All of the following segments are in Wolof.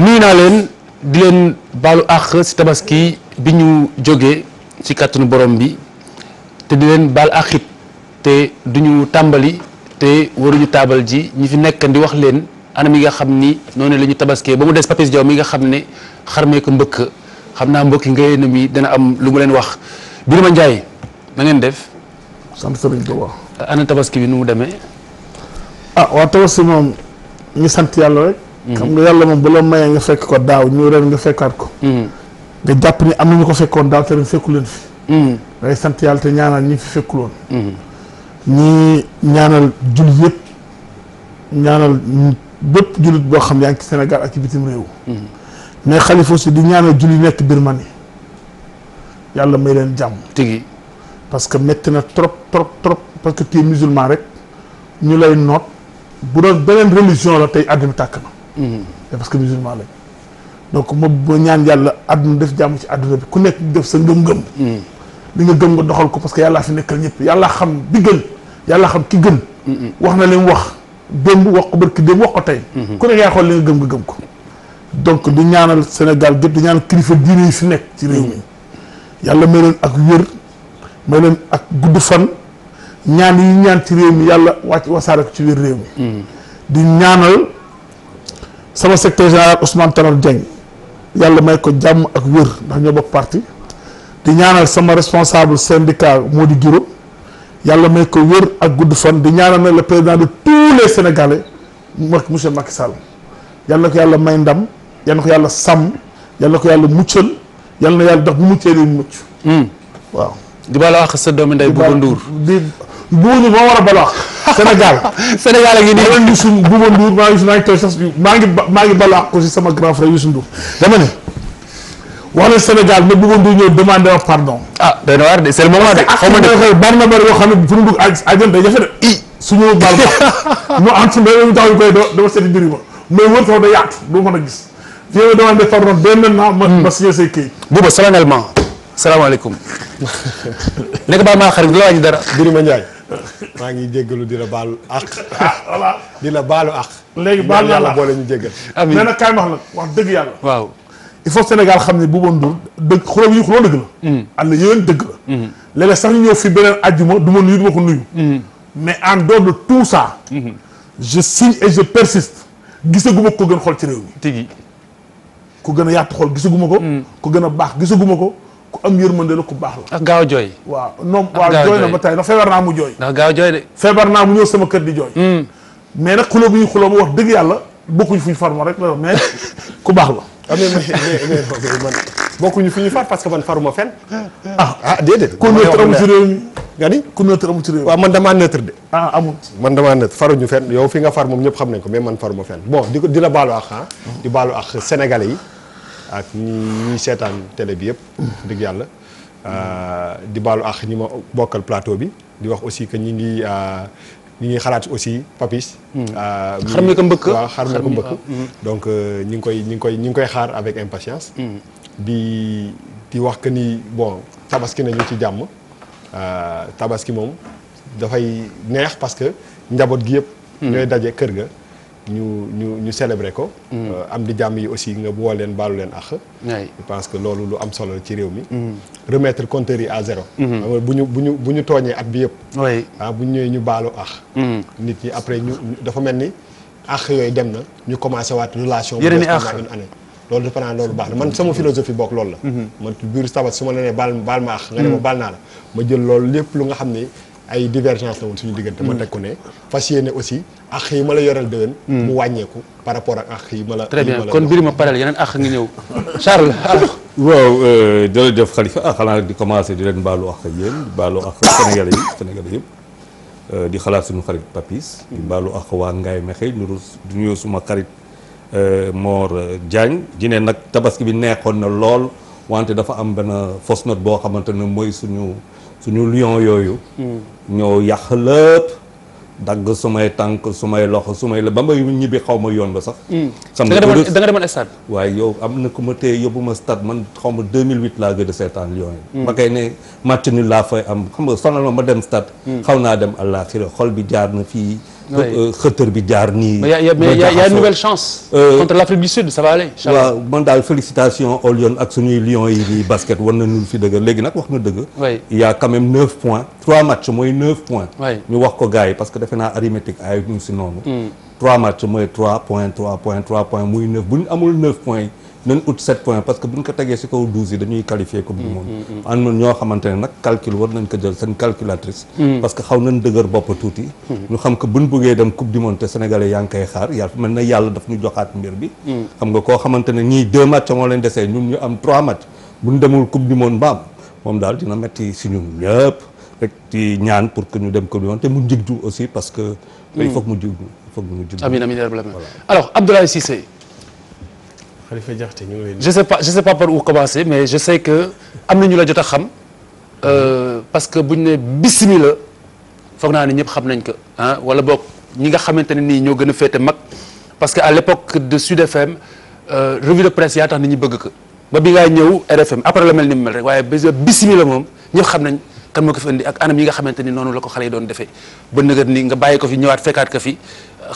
nuyu naa leen di leen baalu àq ci tabaski bi ñu jógee ci kàttanu borom bi te di leen baal àq it te duñu tàmbali te waruñu taabal ji ñi fi nekk di wax leen anam yi nga xam ni noonu la ñu tabaskee ba mu des Papis Diaw mi nga xam ne xarmee ko mbëkk xam naa mbokki ngay na mi dana am lu ma leen wax Birima njaay dangeen def. sant Sëriñ Tuubaa tabaski bi nu mu demee. ah waa tabaski moom. ñu sant yàlla rek. xam nga yàlla moom bu la mayee nga fekk ko daaw ñu ren nga fekkaat ko. Mm-hmm. nga jàpp ni am na ñu ko fekkoon daal te ren fekku leen fi. day mm-hmm. sant yàlla te ñaanal ñi fi fekkuloon. Mm-hmm. ñi ñaanal jullit yëpp ñaanal bépp jullit boo xam yaa ngi ci Sénégal ak ci bitim réew. mais xalifa aussi di ñaanal jullit nekk Birmanie yàlla may leen jàmm. tigi parce que métti na trop trop trop parce que tu musulman rek ñu lay noot. bu doon beneen religion la tey àdduna tàkk na. Mm-hmm. parce que musulman lañ. donc moom ma ñaan yàlla àdduna def jàmm ci àdduna bi ku nekk def sa ngëm-ngëm. Mm-hmm. li nga gëm nga doxal ko parce que yàllaa fi nekkal ñëpp yàlla xam bi gën yàlla xam ki gën. Mm-hmm. wax na leen wax démb wax ko barki démb wax ko tey. ku nekk yaa xool li nga gëm nga gëm ko. donc du ñaanal Sénégal gépp du ñaanal kilifa diine yi fi nekk. ci réew mi yàlla may leen ak wér may leen ak gudd fan. ñaan yi ñaan ci réew mi yàlla wàcc wasaare ko ci biir réew mi. di ñaanal sama secteur général Ousmane Tanor Dieng yàlla may ko jàmm ak wér ndax ñoo bokk parti di ñaanal sama responsable syndicat moo di Diouroup yàlla may ko wér ak gudd fan di ñaanal nag le président de tous les sénégalais mak monsieur Macky Sall yàlla na ko yàlla may ndam yàlla na ko yàlla sàmm yàlla na ko yàlla muccal yàlla na yàlla dox bu muccee li mucc hmm. waaw di bala ak sa doomi Bouba Ndour moo war a balaax Sénégal Sénégal a ngi nii man Youssou Bouba Ndour maa ngi maa ngi tooy sax maa ngi maa ngi balaax ko si sama grand frère Youssou Ndour dama ne wax na Sénégal ne Bouba Ndour ñëw demandé wa pardon. ah day na waar de c'est le moment de xaw ma de bari na bari yoo xam ne fu mu dugg àjjana day jafe de i suñu baal ma mu am suñu mbéy mi tax ñu koy doo doo seeti mbir ma mais wër taw da yaatu du mën a gis fi nga demandé pardon dès maintenant ma ma hmm. signé say këyit. Bouba salaamaaleykum salaamaaleykum nekk baal maa xarit la wàññi dara Birima Ndiaye maa ngi jéggalu di la baalu àq. ah voilà di la baalu àq. léegi baal yàlla boole ñu jéggal. amiin na kaay wax nag wax dëgg yàlla. waaw il faut Sénégal xam ne Bouba Ndour dëgg xuloo bi ñu xuloo dëgg la. Mm. am na yeneen dëgg la. Mm-hmm. léeg sax ñu ñëw fi beneen àjjuma du ma nuyu du ma mm-hmm. mais en dehors de tout ça. Mm-hmm. je signe et je persiste. gisaguma ko gën xool ci réew mi. tigi ku gën a yaatu xool gisaguma ko. Mm. ko gën a baax gisaguma ko. ku am yërmande la ku baax la. gaaw jooy. waaw non waaw jooy na ba tey ndax feebar naa mu jooy. ndax gaaw jooy de. feebar naa mu ñëw sama kër di jooy. Hmm. mais na xuloo bu ñuy yàlla bokkuñ fu ñu farma rek la mais ku baax la. ah mais mais man bokkuñu fu ñu far parce que man faruma fenn. ah ah déedéet. ku neutre amul ci réew mi nga ni ku neutre amul ci réew mi. waaw man damaa neutre de. ah amul man damaa neutre faruñu fenn yow fi nga far moom ñëpp xam nañ ko mais man faruma fenn bon di ko di la baalu àq ah. yi ak ñi ñuy seetaan télé bi yëpp. dëgg yàlla euh, di baalu ak ñi ma bokkal plateau bi di wax aussi que ñi ngi euh, ñi ngi xalaat aussi papis. Hmm. Euh, xar mi ko mbëkk waaw xar hmm. ñi ngi koy ñi ngi koy ñi ngi koy xaar avec impatience. Hmm. di di wax que ni bon tabaski nañu ci jàmm tabaski moom dafay neex parce que njaboot gi yëpp. ñooy daje kër ga. ñu ñu ñu célébrer ko. Mm. Euh, am di jàmm yi aussi nga woo leen baalu leen àq. je pense que loolu lu am solo ci réew mi. Mm. remettre compteur yi à zéro. Mm-hmm. bu ñu bu ñu bu ñu tooñee ak bi yëpp. ah bu ñu ñëwee ñu baalu àq. Mm-hmm. nit ñi après ñu dafa mel ni àq yooyu dem na ñu commencé waat relation. yeneen i àq loolu dafa naa loolu baax man mm-hmm. sama philosophie boog loolu la. man biir sabat su ma la nee baal baal ma àq. nga ne ma baal naa la ma jël loolu lépp lu nga xam ni. ay divergence la woon suñu diggante. ma mm. teg ko ne fas ne aussi ax yi ma la yoreel déwén. Mm. mu wàññeeku par rapport ak ax yi ma la. très bien kon mbir ma pareel yeneen ax ngi ñëw Charles alors. waaw euh, jërëjëf Khalifa ah xanaa di commencé di leen baalu ax ak yéen di baalu ax Sénégalais yi Sénégalais yëpp. Euh, di xalaat suñu xarit Papis. di baalu ak waa Ngaye Mexe du nuyu suma xarit euh, Mor Diagne di ne nag tabaski bi neexoon na lool wante dafa am benn fausse note boo xamante ne mooy suñu suñu lion yooyu hmm. ñoo yàq lépp dagg sumay tànk sumay loxo su sumay la ba may ñibbi xaw ma yoon ba sax hmm. sam da nga demoon stade waaye yow am na ku ma téye yóbbu ma stat man xaw ma 2008 laa gëj a seetaan lion yi hmm. ma koy ne match ni laa fay am xam nga sonal ma dem stat xaw naa dem allah àllaaxira xol bi jaar na fii xëtër euh, bi jaar ni mais y' a mais y' a une nouvelle chance. Euh, contre l'Afrique du Sud ça va aller. waaw man daal félicitations aux Lions ak yi di basket war na ñu fi dëgg léegi nag wax na dëgg. il y a quand même neuf points trois matchs mooy neuf points. ñu wax ko gars yi parce que defe naa arithmétique ay ñu si noonu. Hmm. trois matchs mooy trois points trois points trois points muy neuf bu ñu amul neuf points yi. nañ ut 7 points parce que bu ñu ko tegee si kaw 12 yi dañuy qualifier coupe du mm, monde mm, mm. am na ñoo xamante ne nag calcul war nañ ko jël seen calculatrice parce que xaw nañ dëgër bopp tuuti ñu xam bu buñ bëggee dem coupe du monde te sénégalais yaa ngi koy xaar yàlla mel na yàlla daf ñu joxaat mbir bi xam nga koo xamante ne ñii deux matchs moo leen desee ñun ñu am trois matchs buñ demul coupe du monde mbaam moom daal dina metti si ñun ñëpp rek di ñaan pour que ñu dem ko du monde te mu jig ju aussi parce que il faut mu jig il faut que mu jig amiin amiin alors Abdoulaye Khalifa Diakhaté ñu ngi lay je sais pas je sais pas par où commencer mais je sais que am na ñu la jot a xam euh, parce que bu ñu nee bismillah foog naa ne ñëpp xam nañ ko ah wala boog ñi nga xamante ne nii ñoo gën a féete mag parce que à l'époque de Sud FM euh, revue de presse yaa tax nit ñi bëgg ko ba bi ngay ñëw RFM après la mel ni mu mel rek waaye bisimila moom ñëpp xam nañ. kan moo ko fi indi ak anam yi nga xamante ni noonu la ko xale yi doon defee ba nëgër ni nga bàyyi ko fi ñëwaat fekkaat ko fi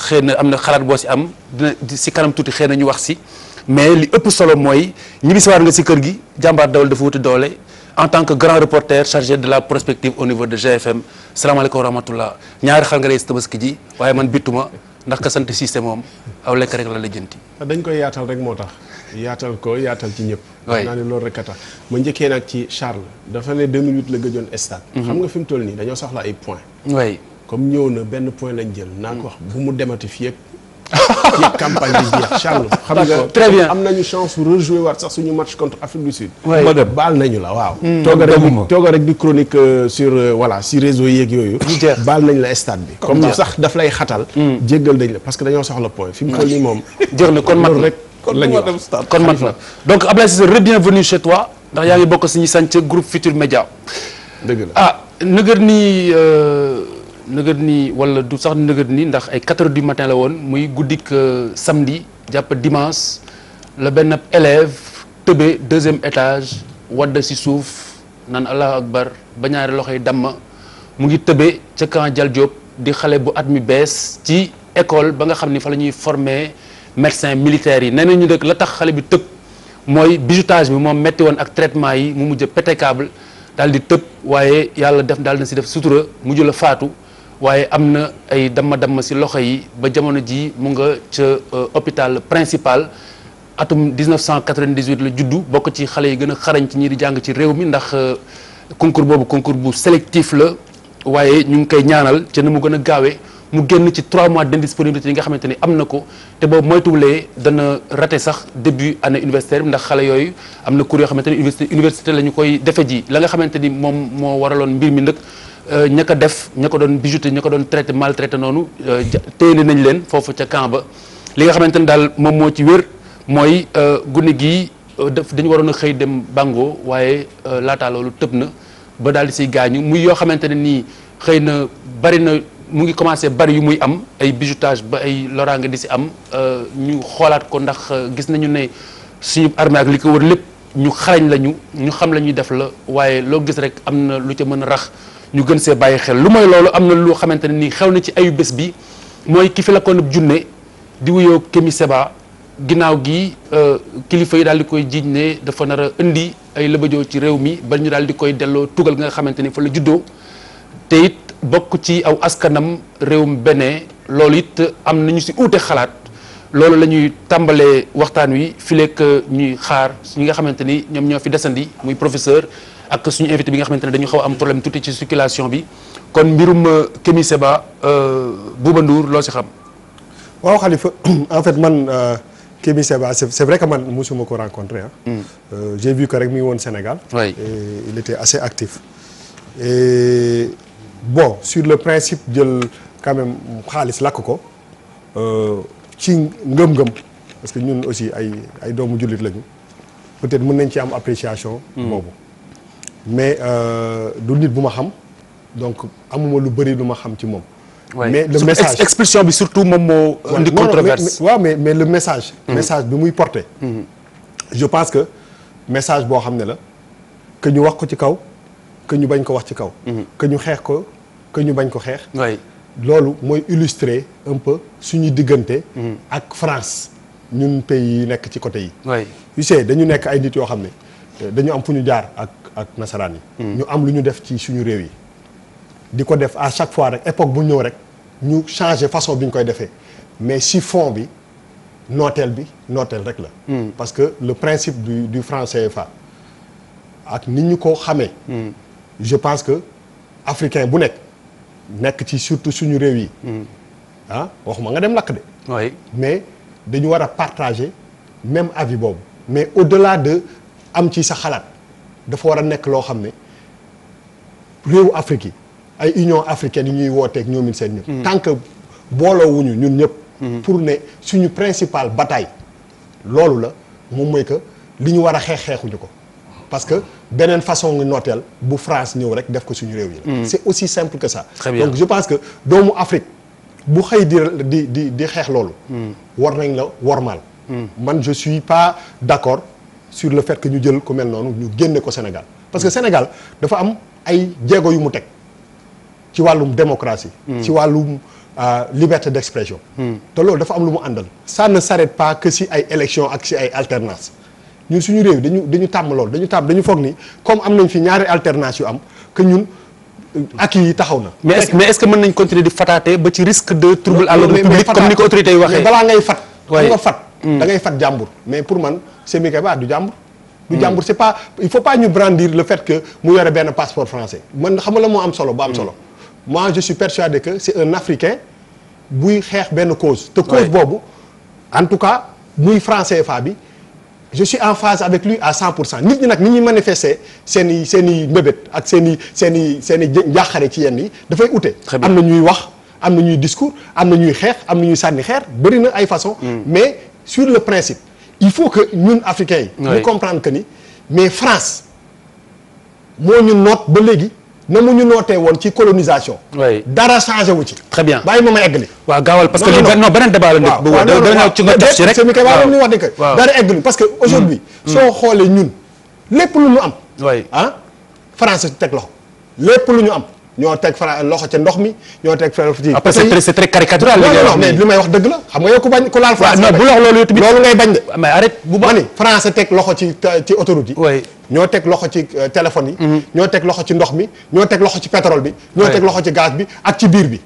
xëy na am na xalaat boo si am dina si tuuti xëy na ñu wax si mais li ëpp solo mooy ñibbisiwaat nga si kër gi jàmbaar dawal dafa wuti doole en tant que grand reporter chargé de la prospective au niveau de GFM salaamaaleykum wa rahmatullah ñaari xar nga lay si ji waaye man bittuma ndax ka sant système moom aw lekk rek la la jënti dañ koy yaatal rek moo tax yaatal ko yaatal ci ñëpp xam naa ne loolu rek a tax ma njëkkee nag ci Charles dafa ne 2008 la gëjoon stade mhm. xam nga fi mu toll nii dañoo soxla ay points oui comme ñëw na benn point lañ jël naa mu demati fii ak ci campagne bi jeex Charles. xam nga très bien am nañu chance pour waat sax suñu match contre Afrique du Sud. baal nañu la waaw. Hmm. tooga rek di chronique euh, sur euh, voilà si réseau yeeg yooyu. baal nañ la stade bi. comme sax daf lay xatal. Hmm. jéggal dañ la parce que dañoo soxla point. fi mu toll nii moom. jër na kon la ñu wax kon mat la donc Ablaye Cissé chez toi ndax yaa ngi bokk suñu sant groupe Futur Média. Ah, nëgër nii. Euh, nëgët nii wala du sax nëgët nii ndax ay 4 heures du matin la woon muy guddik euh, samedi jàpp dimanche la benn élève tëbee deuxième étage wadd si suuf naan allahu akbar ba ñaari loxo yi damm mu ngi tëbee ca camp Dial di xale bu at mi bees ci école ba nga xam ni fa la ñuy former médecin militaires yi nee nañu nag la tax xale bi tëb mooy bizutage bi moom metti woon ak traitement yi mu mujj pété câble daal di tëb waaye yàlla def daal na si def sutura mujj la faatu. waaye am na ay damma-damma si loxo yi ba jamono ji mu nga ca euh, hôpital principal atum 1998 la juddu bokk ci xale yi gën a xarañ ci ñi di jàng ci réew mi ndax euh, concours boobu concours bu sélectif la waaye ñu ngi koy ñaanal ca na mu gën a gaawee mu génn ci 3 mois d'indisponibilité yi nga xamante ni am na ko te boobu moytuwulee dana raté sax début année universitaire bi ndax xale yooyu am na cours yoo xamante ni université université la ñu koy defe ji la xamante ni moom moo waraloon mbir mi nag Euh, ña ko def ña ko doon bijouté ña ko doon traité maltraité noonu euh, téye nañ leen foofu ca camp ba li nga xamante ni daal moom moo ci wér mooy euh, gune gi daf dañu waroon a xëy dem Bango waaye laataa loolu tëb na ba daal di siy gaañu muy yoo xamante ne nii xëy na bari na mu ngi commencé bari yu muy am ay bijoutage ba ay loraange di si am ñu xoolaat ko ndax gis nañu ne suñu armée ak li ko wër lépp ñu xarañ lañu ñu xam la ñuy def la waaye loo gis rek am na lu ca mën a rax. ñu gën see bàyyi xel lu mooy loolu am na lu xamante ne nii xew na ci ayu bés bi mooy ki fi la junne diwuyoo wuyoo Kémi Seba ginnaaw gi euh, kilifa yi daal di koy jiiñ ne dafa nar a indi ay lëbëjoo ci réew mi ba ñu daal di koy delloo tugal nga xamante ni fa la juddoo te it bokk ci aw askanam réew réewum benee loolu it am ñu si uute xalaat loolu la ñuy tàmbalee waxtaan wi fileek euh, ñuy xaar ñi nga xamante ni ñoom ñoo fi desandi muy professeur ak suñu invité bi nga xamante ne dañu xaw am problème tuuti ci circulation bi kon mbirum euh, Kémi Seba euh, Bouba Ndour loo si xam. waaw Khalifa en fait man euh, Kémi Seba c'est vrai que man musuma ko rencontré ah. Hmm. j'ai rek mi ngi woon Sénégal. oui et il était assez actif. bon sur le principe jël quand xaalis lakk ko ci ngëm-ngëm parce que ñun aussi ay ay doomu jullit lañu peut-être mun nañ ci am appréciation. Hmm. boobu. mais euh, du nit bu ma xam donc amuma lu bëri lu ma xam ci moom. mais le message expulsion bi surtout moom moo. indi controverse waaw mais mais le message. Mm-hmm. message bi muy porte mm-hmm. je pense que message boo xam ne la que ñu wax ko ci kaw que ñu bañ ko wax ci kaw. Mm-hmm. que ñu xeex ko que ñu bañ ko xeex. loolu mooy illustrer un peu suñu diggante. ak France ñun pays yi nekk ci côté yi. oui dañu nekk ay nit yoo xam ne dañu am fu ñu jaar ak. ak nasaraan yi. ñu am lu ñu def ci suñu réew yi. di ko def à chaque fois rek époque bu ñëw rek ñu changer façon bi ñu koy defee mais si fond bi nooteel bi nooteel rek la. Hmm. parce que le principe du du franc CFA ak nit ñu ko xamee. Hmm. je pense que africain bu nekk nekk ci surtout suñu réew yi. Hmm. ah waxuma nga dem lakk de. mais dañu war a partager même avis boobu mais au-delà de de am ci sa xalaat. dafa war a nekk loo xam ne réewu Afrique yi ay union africaine yi ñuy wooteeg ñoomin seen ñëpp hmm. tant que booloowuñu ñun ñëpp hmm. pour ne suñu principale bataille loolu la moom mooy que li ñu war a xeex xeexuñu ko parce que beneen façon ngi nooteel bu France ñëw rek def ko suñu réew yi la hmm. c'est aussi simple que ça donc je pense que doomu Afrique bu xëy di di di di xeex loolu war nañ la wormaal man je suis pas d'accord sur le fait que ñu jël ku mel noonu ñu génne ko Sénégal parce que Sénégal dafa am ay jéego yu mu teg ci wàllum démocratie hmm. ci wàllum euh, liberté d'expression hmm. te loolu dafa am lu mu àndal ça ne s'arrête pas que si ay élection ak si ay alternance ñun suñu réew dañu dañu tàmm loolu dañu tàmm dañu foog ni comme am nañ fi ñaari alternance yu am que ñun euh, ak yi taxaw na. mais est-ce mais est mën nañ continuer di fataate ba ci risque de trouble à l'ordre public comme ni waxee balaa ngay fat da nga fat hmm. ngay fat jàmbur mais pour man Semi Keba du jàmbur. du hmm. jàmbur c'est pas il faut pas ñu brandir le fait que mu yore benn passeport français man xam nga la moo am solo bu am solo. Hmm. moi je suis persuadé que c'est un Africain buy xeex benn cause. te cause boobu en tout cas muy français fa bi. je suis en phase avec lui à 100 pour cent nit ñi nag ni ñuy manifester seeni seeni seen ak seen i seen i seen i njaaxare ci yenn yi dafay ute. am na ñuy wax am na ñuy discours am na ñuy xeex am na ñu sànni xeer bëri na ay façon hmm. mais sur le principe. il faut que ñun africains yi. ñu comprendre que ni mais France moo ñu noot ba léegi na mu ñu nootee woon ci colonisation. dara changé wu ci. très bien bàyyi ma may waaw gaawal parce que li non beneen débat la nekk. waaw waaw non ci nga que dara parce que aujourd'hui mm. soo xoolee ñun lépp lu ñu am. ah France teg loxo lépp lu ñu am. ñoo teg Fra loxo ci ndox mi ñoo teg Fra ci. après c'est très caricatural. li may wax dëgg la xam nga yow ku bañ ku laal France. non bu loolu ngay bañ de. mais France teg loxo ci ci autoroute yi. ñoo teg loxo ci euh, téléphone yi. Mm-hmm. ñoo teg ci ndox mi ñoo teg loxo ci petrol bi. ñoo teg loxo ci gaz bi ak ci biir bi.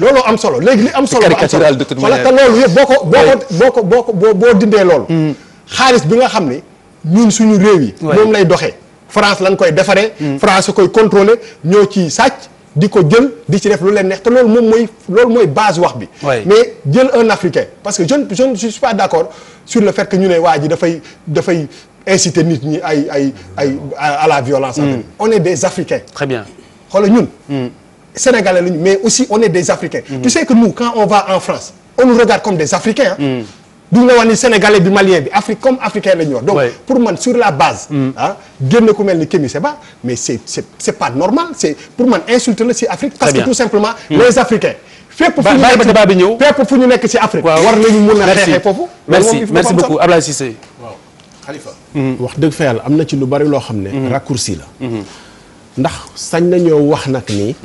loolu am solo léegi li am solo. am solo xoolal te loolu yëpp boo ko boo ko boo ko boo dindee loolu. Mm-hmm. xaalis bi nga xam ni ñun suñu réew yi. moom lay doxee France lañ koy defaree. France su koy contrôler ñoo ciy sàcc di ko jël di ci def lu leen neex te loolu moom mooy loolu mooy base wax bi. mais jël un Africain parce que je ne je ne suis pas d'accord sur le fait que ñu ne waa ji dafay dafay inciter nit ñi ay ay ay à la violence. Mm. on est des Africains. très bien xoolal ñun. Mm. Sénégalais lañu mais aussi on est des Africains. Mm. tu sais que nous quand on va en France on nous regarde comme des Africains. Hein? Mm. duñ la wax ni sénégalais bi malien bi Afrique comme africain la ñu wax. donc pour man sur la base. Mm. Ah, génn ku mel ni Kémi Séba mais c' pas normal c' pour man insulte la si Afrique. parce tout simplement mm. les Africains. fépp fu ñu nekk débat bi ñëw fépp fu ñu nekk ci Afrique. war nañu mun a xeexee foofu. merci merci beaucoup Ablaye Cissé. waaw mm. wax dëgg fa yàlla am na ci lu bari loo xam ne. raccourci la. Mm-hmm. ndax sañ nañoo wax nag ni.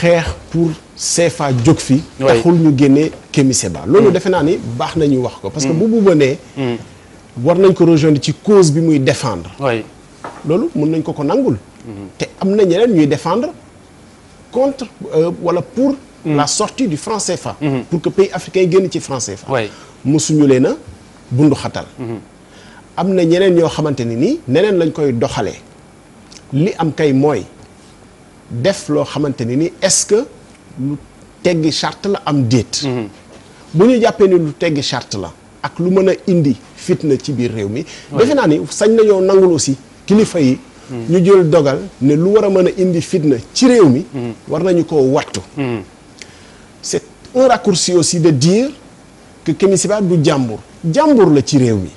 xeex pour CFA jóg fi taxul ñu génne Kémi Séba loolu mm. defe naa ni baax nañu wax ko parce que mm. bu Bouba nee mm. war nañ ko rejoindre ci cause bi muy défendre loolu mun nañ ko ko nangul mm-hmm. te am na ñeneen ñuy defendre contre euh, wala pour la sortie du franc CFA mm-hmm. pour que pays africain yi génn ci franc CFA mosuñu leen a bundu mm-hmm. am na ñeneen ñoo xamante ni neneen lañ koy doxalee li am kay mooy def loo xamante ni nii est-ce que lu teggi charte la am déet mhm. bu ñu jàppee ni lu teggi charte la ak lu mën a indi fitna ci biir réew mi defe naa ni sañ nañoo nangul aussi kilifa yi mhm. ñu jël dogal ne lu war a mën a indi fitna ci réew mi mhm. war nañu ko wattu c'est un raccourci aussi de dire que Kémi Seba du jàmbur jàmbur la ci réew mi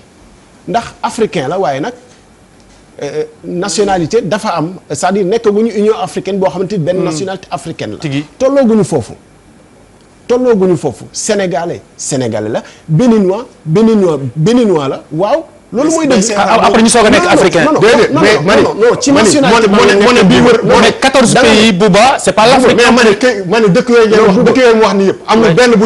ndax africain la waaye nag Euh, nationalité dafa am cest nekk dire nekkaguñu union africaine boo xamante ni benn hmm. nationalité africaine la tollooguñu foofu tollooguñu foofu sénégalais sénégalais la béninois béninois béninois la waaw loolu mooy dëgg après ñu soog a nekk africain. déedéet mais mani ci nationalité moo ne bii wër moo ne bu ba c'est pas yooyu mu wax ni yëpp. am na benn bu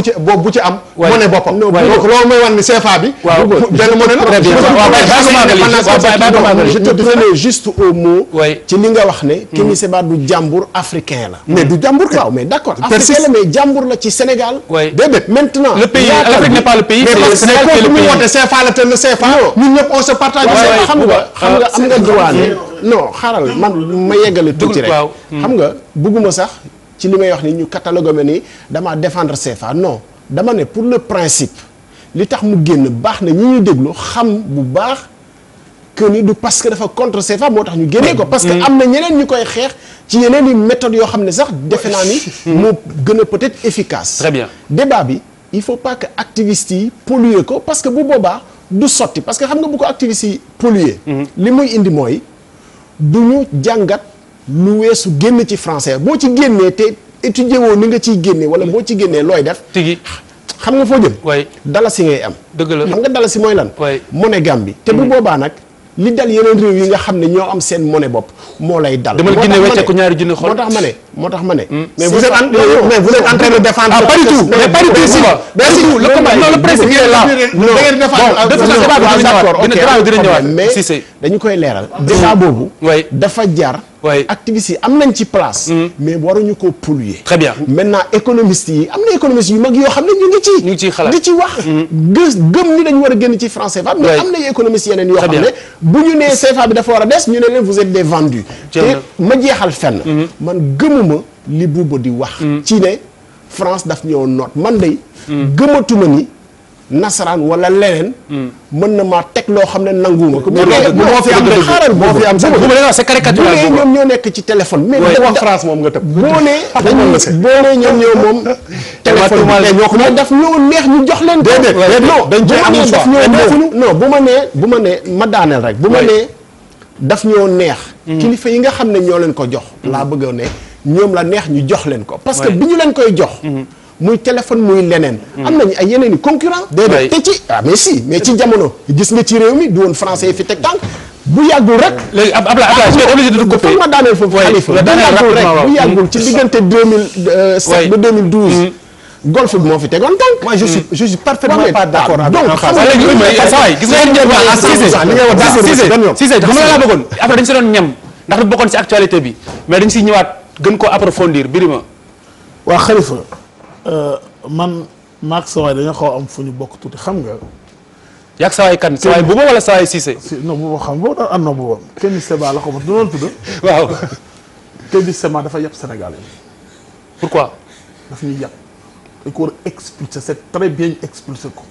mooy la. du jàmbur africain la. Mm. mais du jàmbur waaw mais d'accord. africain la la ci Sénégal. déedéet maintenant. le pays l'Afrique n'est pas le pays. c'est le CFA la te le CFA ñun ñëpp on se partage. xam nga xam nga euh, am nga droit ne non xaaral man ma yeggale tuuti rek. xam nga bugguma sax ci li may wax ni ñu catalogué ni dama défendre CFA non dama ne pour le principe li tax mu génn baax na ñi ñu déglu xam bu baax. que ni du parce que dafa contre CFA moo tax ñu génnee ko. parce que mm. am na ñeneen ñu koy xeex ci yeneen i méthodes yoo xam ne sax defe naa ni. Mm. moo gën a peut-être efficace. très bien débat bi il faut pas que activistes yi polluer ko parce que bu boobaa. du sotti parce que xam nga bu ko activistes yi polluer li muy indi mooy du ñu jàngat lu weesu génn ci français boo ci génnee te étudier woo ni nga ciy génnee wala boo ci génnee looy def tigi xam nga foo dala si ngay am dëgg la xam nga si mooy lan monnaie Gambie te bu mm. boobaa nag li dal yeneen réew yi nga xam ne ñoo am seen monnaie bopp moo lay dal demal Guinée wecceeku ñaari junni xool moo tax ma ne moo tax ma ne. Hmm. mais vous êtes de défendre. ah pas mais pas du tout si. mais si le combat non le principe il boobu. dafa jar. oui am nañ ci place. Hmm. mais waruñu ko polluer. très bien maintenant économistes yi am na économistes yu mag yoo xam ne ñu ngi ci. ñu ngi ciy xalaat di ci wax. Hmm. gë gëm ni dañu war a génn ci franc CFA. mais am na économistes yeneen yoo xam ne. bu ñu nee CFA bi dafa war a des ñu ne leen vous êtes des vendus. te ma jeexal fenn. man gëmu ma li buuba di wax mm. ci ne daf ñëw noot man day mm. gëmatuma ni nasaraan wala leneen mm. mën na maa teg loo xam ne nanguuma ko mais moo fi am xaaral moo fi am bu nee ñoo nekk ci téléphone mais moom nga tëb boo nee dañ boo nee ñoom ñoo moom téléphone daf ñoo neex ñu jox leen ko dañ ci am daf ñoo bu ma nee bu ma ma daaneel rek bu ma nee daf ñoo neex kilifa yi nga xam ne ñoo leen ko jox laa bëgg a ne ñoom la neex ñu jox leen ko parce que bi ñu leen koy jox mm-hmm. muy téléphone muy leneen mm-hmm. am nañu ay yeneen i concurrent déedéet te ci ah mais si mais ci jamono gis nga ci réew mi du woon français yi fi teg bu yàggul rek ah, bu yàggul ci mm-hmm. diggante 2007 euh, ba golf bi moo fi tegoon tànk. moi je je suis parfaitement pas donc xam nga laa bëggoon après dañ si doon ñam ndax du bokkoon si actualité bi mais dañ si ñëwaat gën ko approfondir Birima waa Khalifa euh, man maag sawaay dañoo xaw am fu ñu bokk tuuti xam nga yaag sawaay kan sawaay buuba wala sawaay Cissé si non buuba xam boobu daan am ah, non buuba Teddy la ko ma du loolu waaw Teddy Seba dafa yàpp Sénégal yi pourquoi daf ñuy yàpp dañ ko war a expulser c'est très bien ñu ko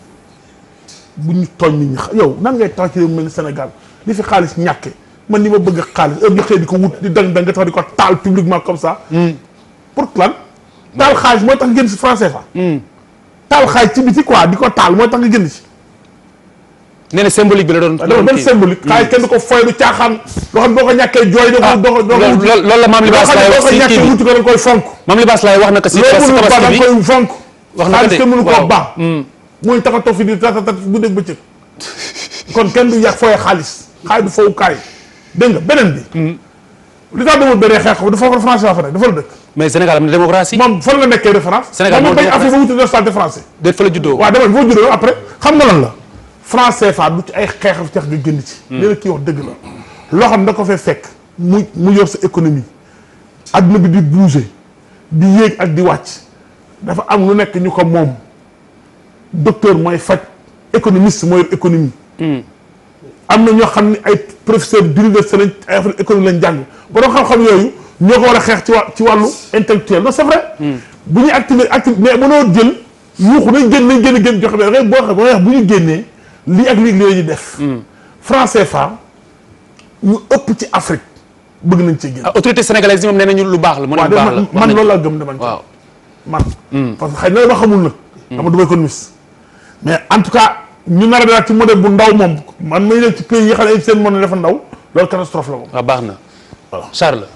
bu ñu tooñ nit ñi yow nan tax ci réew mel ni Sénégal li fi xaalis ñàkke man ni ma bëgg xaalis heure di ko wut di dang dang nga tax di ko taal publiquement comme ça. Hmm. pour lan taal xaalis mooy tax nga génn si français fa. Hmm. taal xaalis ci biti quoi di ko taal mooy tax nga génn si. nee na symbolique bi la doon. doon benn symbolique. xaalis hmm. kenn du ko foy du caaxaan. loo xam boo ko ñàkkee jooy. ah loolu loolu la maam Libaas laay wax si kii bi boo xam ne boo ko ñàkkee wuti ko da nga koy fonk. maam wax na ko si tabaski bi loolu ba da nga koy fonk. wax ko de xaalis tax a toog fi di tatatat bu dégg bëccëg. kon kenn du yàq fooyee xaalis xaalis du fowukaay dégg nga beneen bi. Hmm. li tax demul beneen xeex ko du foofu la français laa mais Sénégal am na démocratie. moom fan la nekkee référence. Sénégal moom Afrique ba wuti xam nga lan la. français fa ay xeex ak xeex jënd ci. Hmm. li la loo xam da ko fee fekk mu mu yor sa économie. adduna bi di bouger di ak di wàcc dafa am lu nekk ñu ko moom docteur mooy faj économiste mooy économie. Hmm. am na ñoo xam ne ay professeur d'université lañ ay affaire économie lañ jàng borom xam-xam yooyu ñoo ko war a xeex ci wà ci wàllu intellectuel non c'est vrai hmm. bu ñuy activé activé mais mënoo jël yuuxu nañ génn nañ génn génn joxe mais rek boo xam ne bu ñu génnee lii ak lii la ñuy def hmm. franc CFA ñu ëpp ci Afrique bëgg nañ ci génn ah, autorité sénégalaise yi moom nee nañu lu baax la mu ne lu baax la man loolu laa gëm ne man waaw man hmm. parce que xëy na ma xamul nag dama du ma économiste mais en tout cas ñu nar a daal ci modèle bu ndaw moom man may nekk ci pays yi xam ne seen mën dafa ndaw loolu catastrophe la moom. Ah, baax na voilà Charles.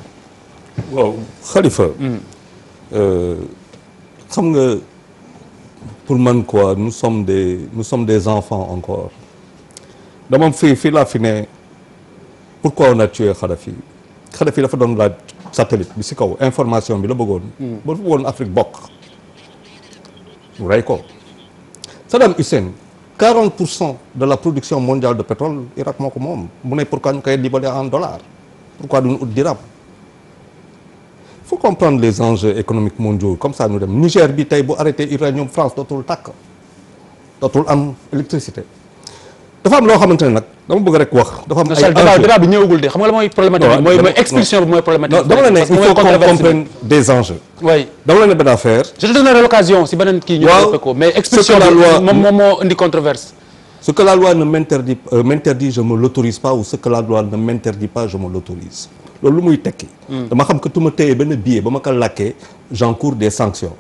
waaw Khalifa. Hmm. Euh, xam nga pour man quoi nous sommes des nous sommes des enfants encore dama fii fii laa fi ne pourquoi on a tué Kadhafi Kadhafi dafa doon laaj satellite bi si kaw information bi la bëggoon. Hmm. ba woon Afrique bokk. mu rey ko Saddam Hussein. 40 pour cent de la production mondiale de pétrole Irak moo ko moom mu ne pourquoi ñu koy libellé en dollars pourquoi duñu ut dirham il faut comprendre les enjeux économiques mondiaux comme ça ñu dem Niger bi tey bu arrêté uranium France dootul tàkk dootul am électricité dafa am loo xamante ne nag dama bëgg rek wax. dafa am ay débat bi ñëwagul de xam nga la mooy problématique mooy mooy expulsion bi mooy problématique. dama la ne il faut qu'on comprenne des enjeux. oui dama la ne benn affaire. je te donnerai l'occasion si beneen bi moom controverse. ce que la loi ne euh, m'interdit je me l'autorise pas ou ce que la loi ne m'interdit pas je me l'autorise loolu muy tekki hmm. dama xam que tu ma téyee ba ma ko làkkee j'encours des sanctions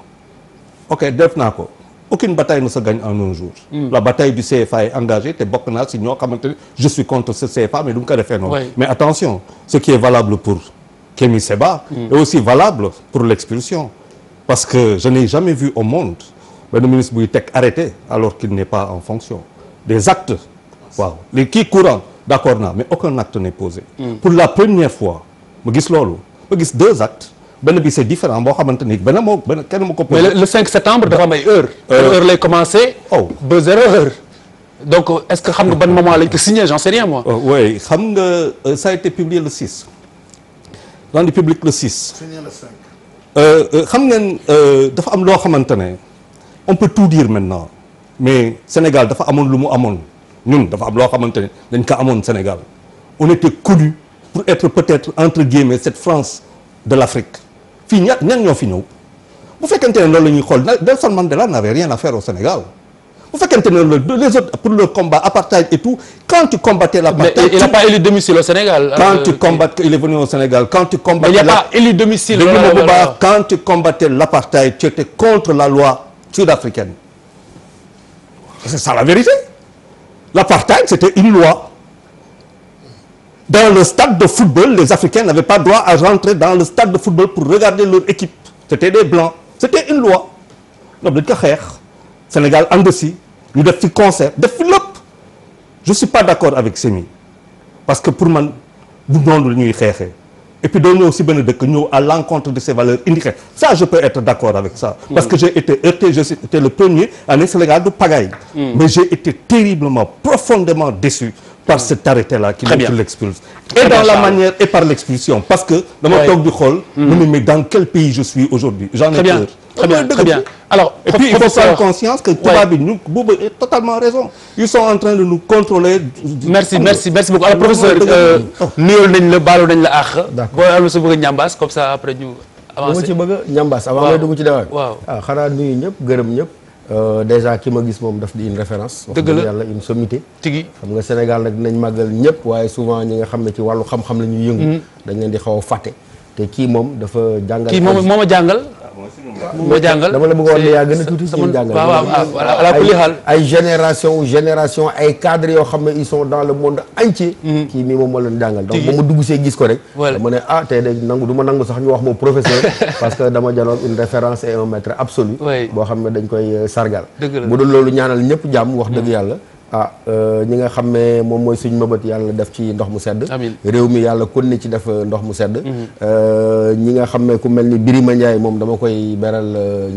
ok def naa ko aucune bataille ne se gagne en un jour mm. la bataille du CFA est engagée te bokk naa si ñoo xamante ne je suis contre CFA mais du mu ko noonu mais attention ce qui est valable pour Kémy Séba mm. aussi valable pour l'expulsion parce que je n'ai jamais vu au monde benn ministre buy arrêté alors qu'il n'est pas en fonction des actes waaw les kii courants d'accord naa mais aucun acte n'est posé hmm. pour la première fois ma gis loolu ma gis deux actes benn bi c'est différent boo xamante ni benn moo benn kenn moo ko. mais le 5 septembre dafa am ay euh, heure heure lay commencé. oh ba zéro heure. donc est-ce que xam nga ban moment lañ ko signé j'en sais rien moi. Euh, oui xam nga euh, ça a été publié le 6. rendu public le 6. signé le 5. xam ngeen dafa am loo xamante ne on peut tout dire maintenant mais Sénégal dafa amoon lu mu amoon ñun dafa am loo xamante ne dañ ko amoon Sénégal on était connu pour être peut-être entre guillemets cette France de l'Afrique. fii ña ñan ñoo fi ñëw bu fekkente ne loolu la ñuy xool Nelson Mandela n'avait rien à faire au Sénégal bu fekkente ne le les pour le combat apartheid et tout quand tu combattais l'apartheid. il n'a mais il n'y a pas élu domicile. bu euh, baax quand tu combattais l'apartheid tu contre la loi sud-africaine c'est ça la vérité l'apartheid c'était une loi. dans le stade de football les Africains n'avaient pas droit à rentrer dans le stade de football pour regarder leur équipe c'était des blancs c'était une loi ñoom dañ ko xeex Sénégal ànd si ñu def fi concert def fi lépp je suis pas d'accord avec Semi parce que pour man du noonu la ñuy xeexee et si benn dëkk ñëw à l'encontre de ces valeurs indiquées ça je peux être d'accord avec ça mm. parce que j'ai été heurté j'ai été le premier à ne Sénégal du pagaille mm. mais j'ai été terriblement profondément déçu par cet arrêté-là qui nous l'expulse. Eh et dans la manière et par l'expulsion parce que dama toog di xool hmm. mu ne mais dans quel pays je suis aujourd'hui j'en ai peur. Très bien, très bien. Alors, et puis il faut prendre conscience que tubaab bi ñu boobu a totalement raison. Ils sont en train de nous contrôler. Merci, merci, merci beaucoup. Alors professeur, euh, nuyool nañ la baalu nañ la àq. Boo am sa bëgg a ñambaas comme ça après ñu avancer. Dama ci bëgg a ñambaas avant nga dugg ci débat. Waaw, ah, xanaa nuyu ñëpp gërëm ñëpp. Euh, déjà ki ma gis moom daf di une référence wax dëgg yàlla une sommité tigi xam nga Sénégal nag dinañ màggal ñëpp waaye souvent ñi nga xam ne ci wàllu xam-xam la ñuy yëngu mm-hmm. dañ leen di xaw a fàtte te kii moom dafa jàngal kii moom moo jàngal moo jàngal dama la bëgg a wax ne yaa gën a tuuti ci jàngal waaw ay génération génération ay cadres yoo xam ne ils sont dans le monde entier mm-hmm. kii mii moom ma leen jàngal donc ba mu dugg see gis ko rek dama ne ah tey de nangu du ma nangu sax ñu wax moom professeur parce que dama janoon une référence et un maître absolu boo xam ne dañ koy euh, sargal mu dul loolu ñaanal ñëpp jàmm wax dëgg mm-hmm. yàlla ah euh, ñi nga xam ne moom mooy suñu mëbët yàlla def ci ndox mu sedd réew mi yàlla kon ni ci def euh, ndox mu sedd mhm. euh, ñi nga xam ne ku mel ni Birima Ndiaye moom dama koy beral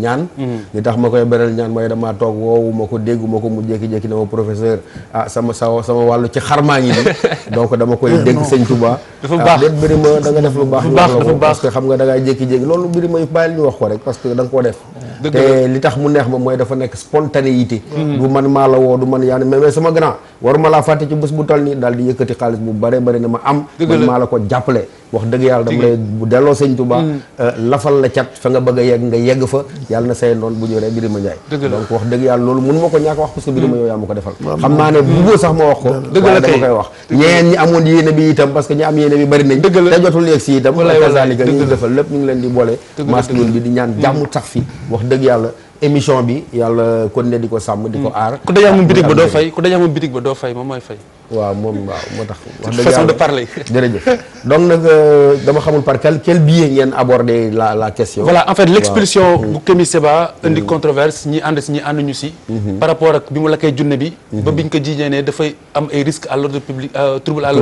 ñaan mhm. li tax ma koy beral ñaan mooy damaa toog woowu ma ko déggu ko mu jékki-jékki ne ma professeur ah sama saw sama wàllu ci xarmaa ngi bi donc ah, da nga def lu baax ñu wax la ko parce que xam nga da ngay jékki-jékki loolu Birima bàyyil ñu que da nga koo def te li neex ma mooy dafa nekk spontanéité mhm. du man maa la woo du man yaa mais sama grand waruma laa fàtte ci bés bu tal nii daal di yëkkati xaalis bu bare bari ma am man la ko jàppale wax dëgg yàlla dama mm. euh, a koy wax ñeneen ñi amoon yéene bi itam parce ñi am yéene bi bari nañ te jotul yegg itam kasalika ñuy ñu leen di boole maas bi di ñaan jàmm tax fi wax dëgg yàlla émission bi yàlla kon ne di ko sàmm. di ko mm. aar ku daje bitig ba doo fay ku daje moom bitig ba doo fay moom mooy fay. waaw moom waaw moo tax. wax de parler. jërëjëf donc euh, dama xamul par quel quel ngeen aborder la question. voilà en fait l' expulsion mm-hmm. bu Kémi Séba indi mm-hmm. controverse ñi ànd si ñi ànduñu si. Mm-hmm. par rapport bi mu lakkee junne bi. ba biñ ko jiiñee ne l' ordre public euh, trouble à l'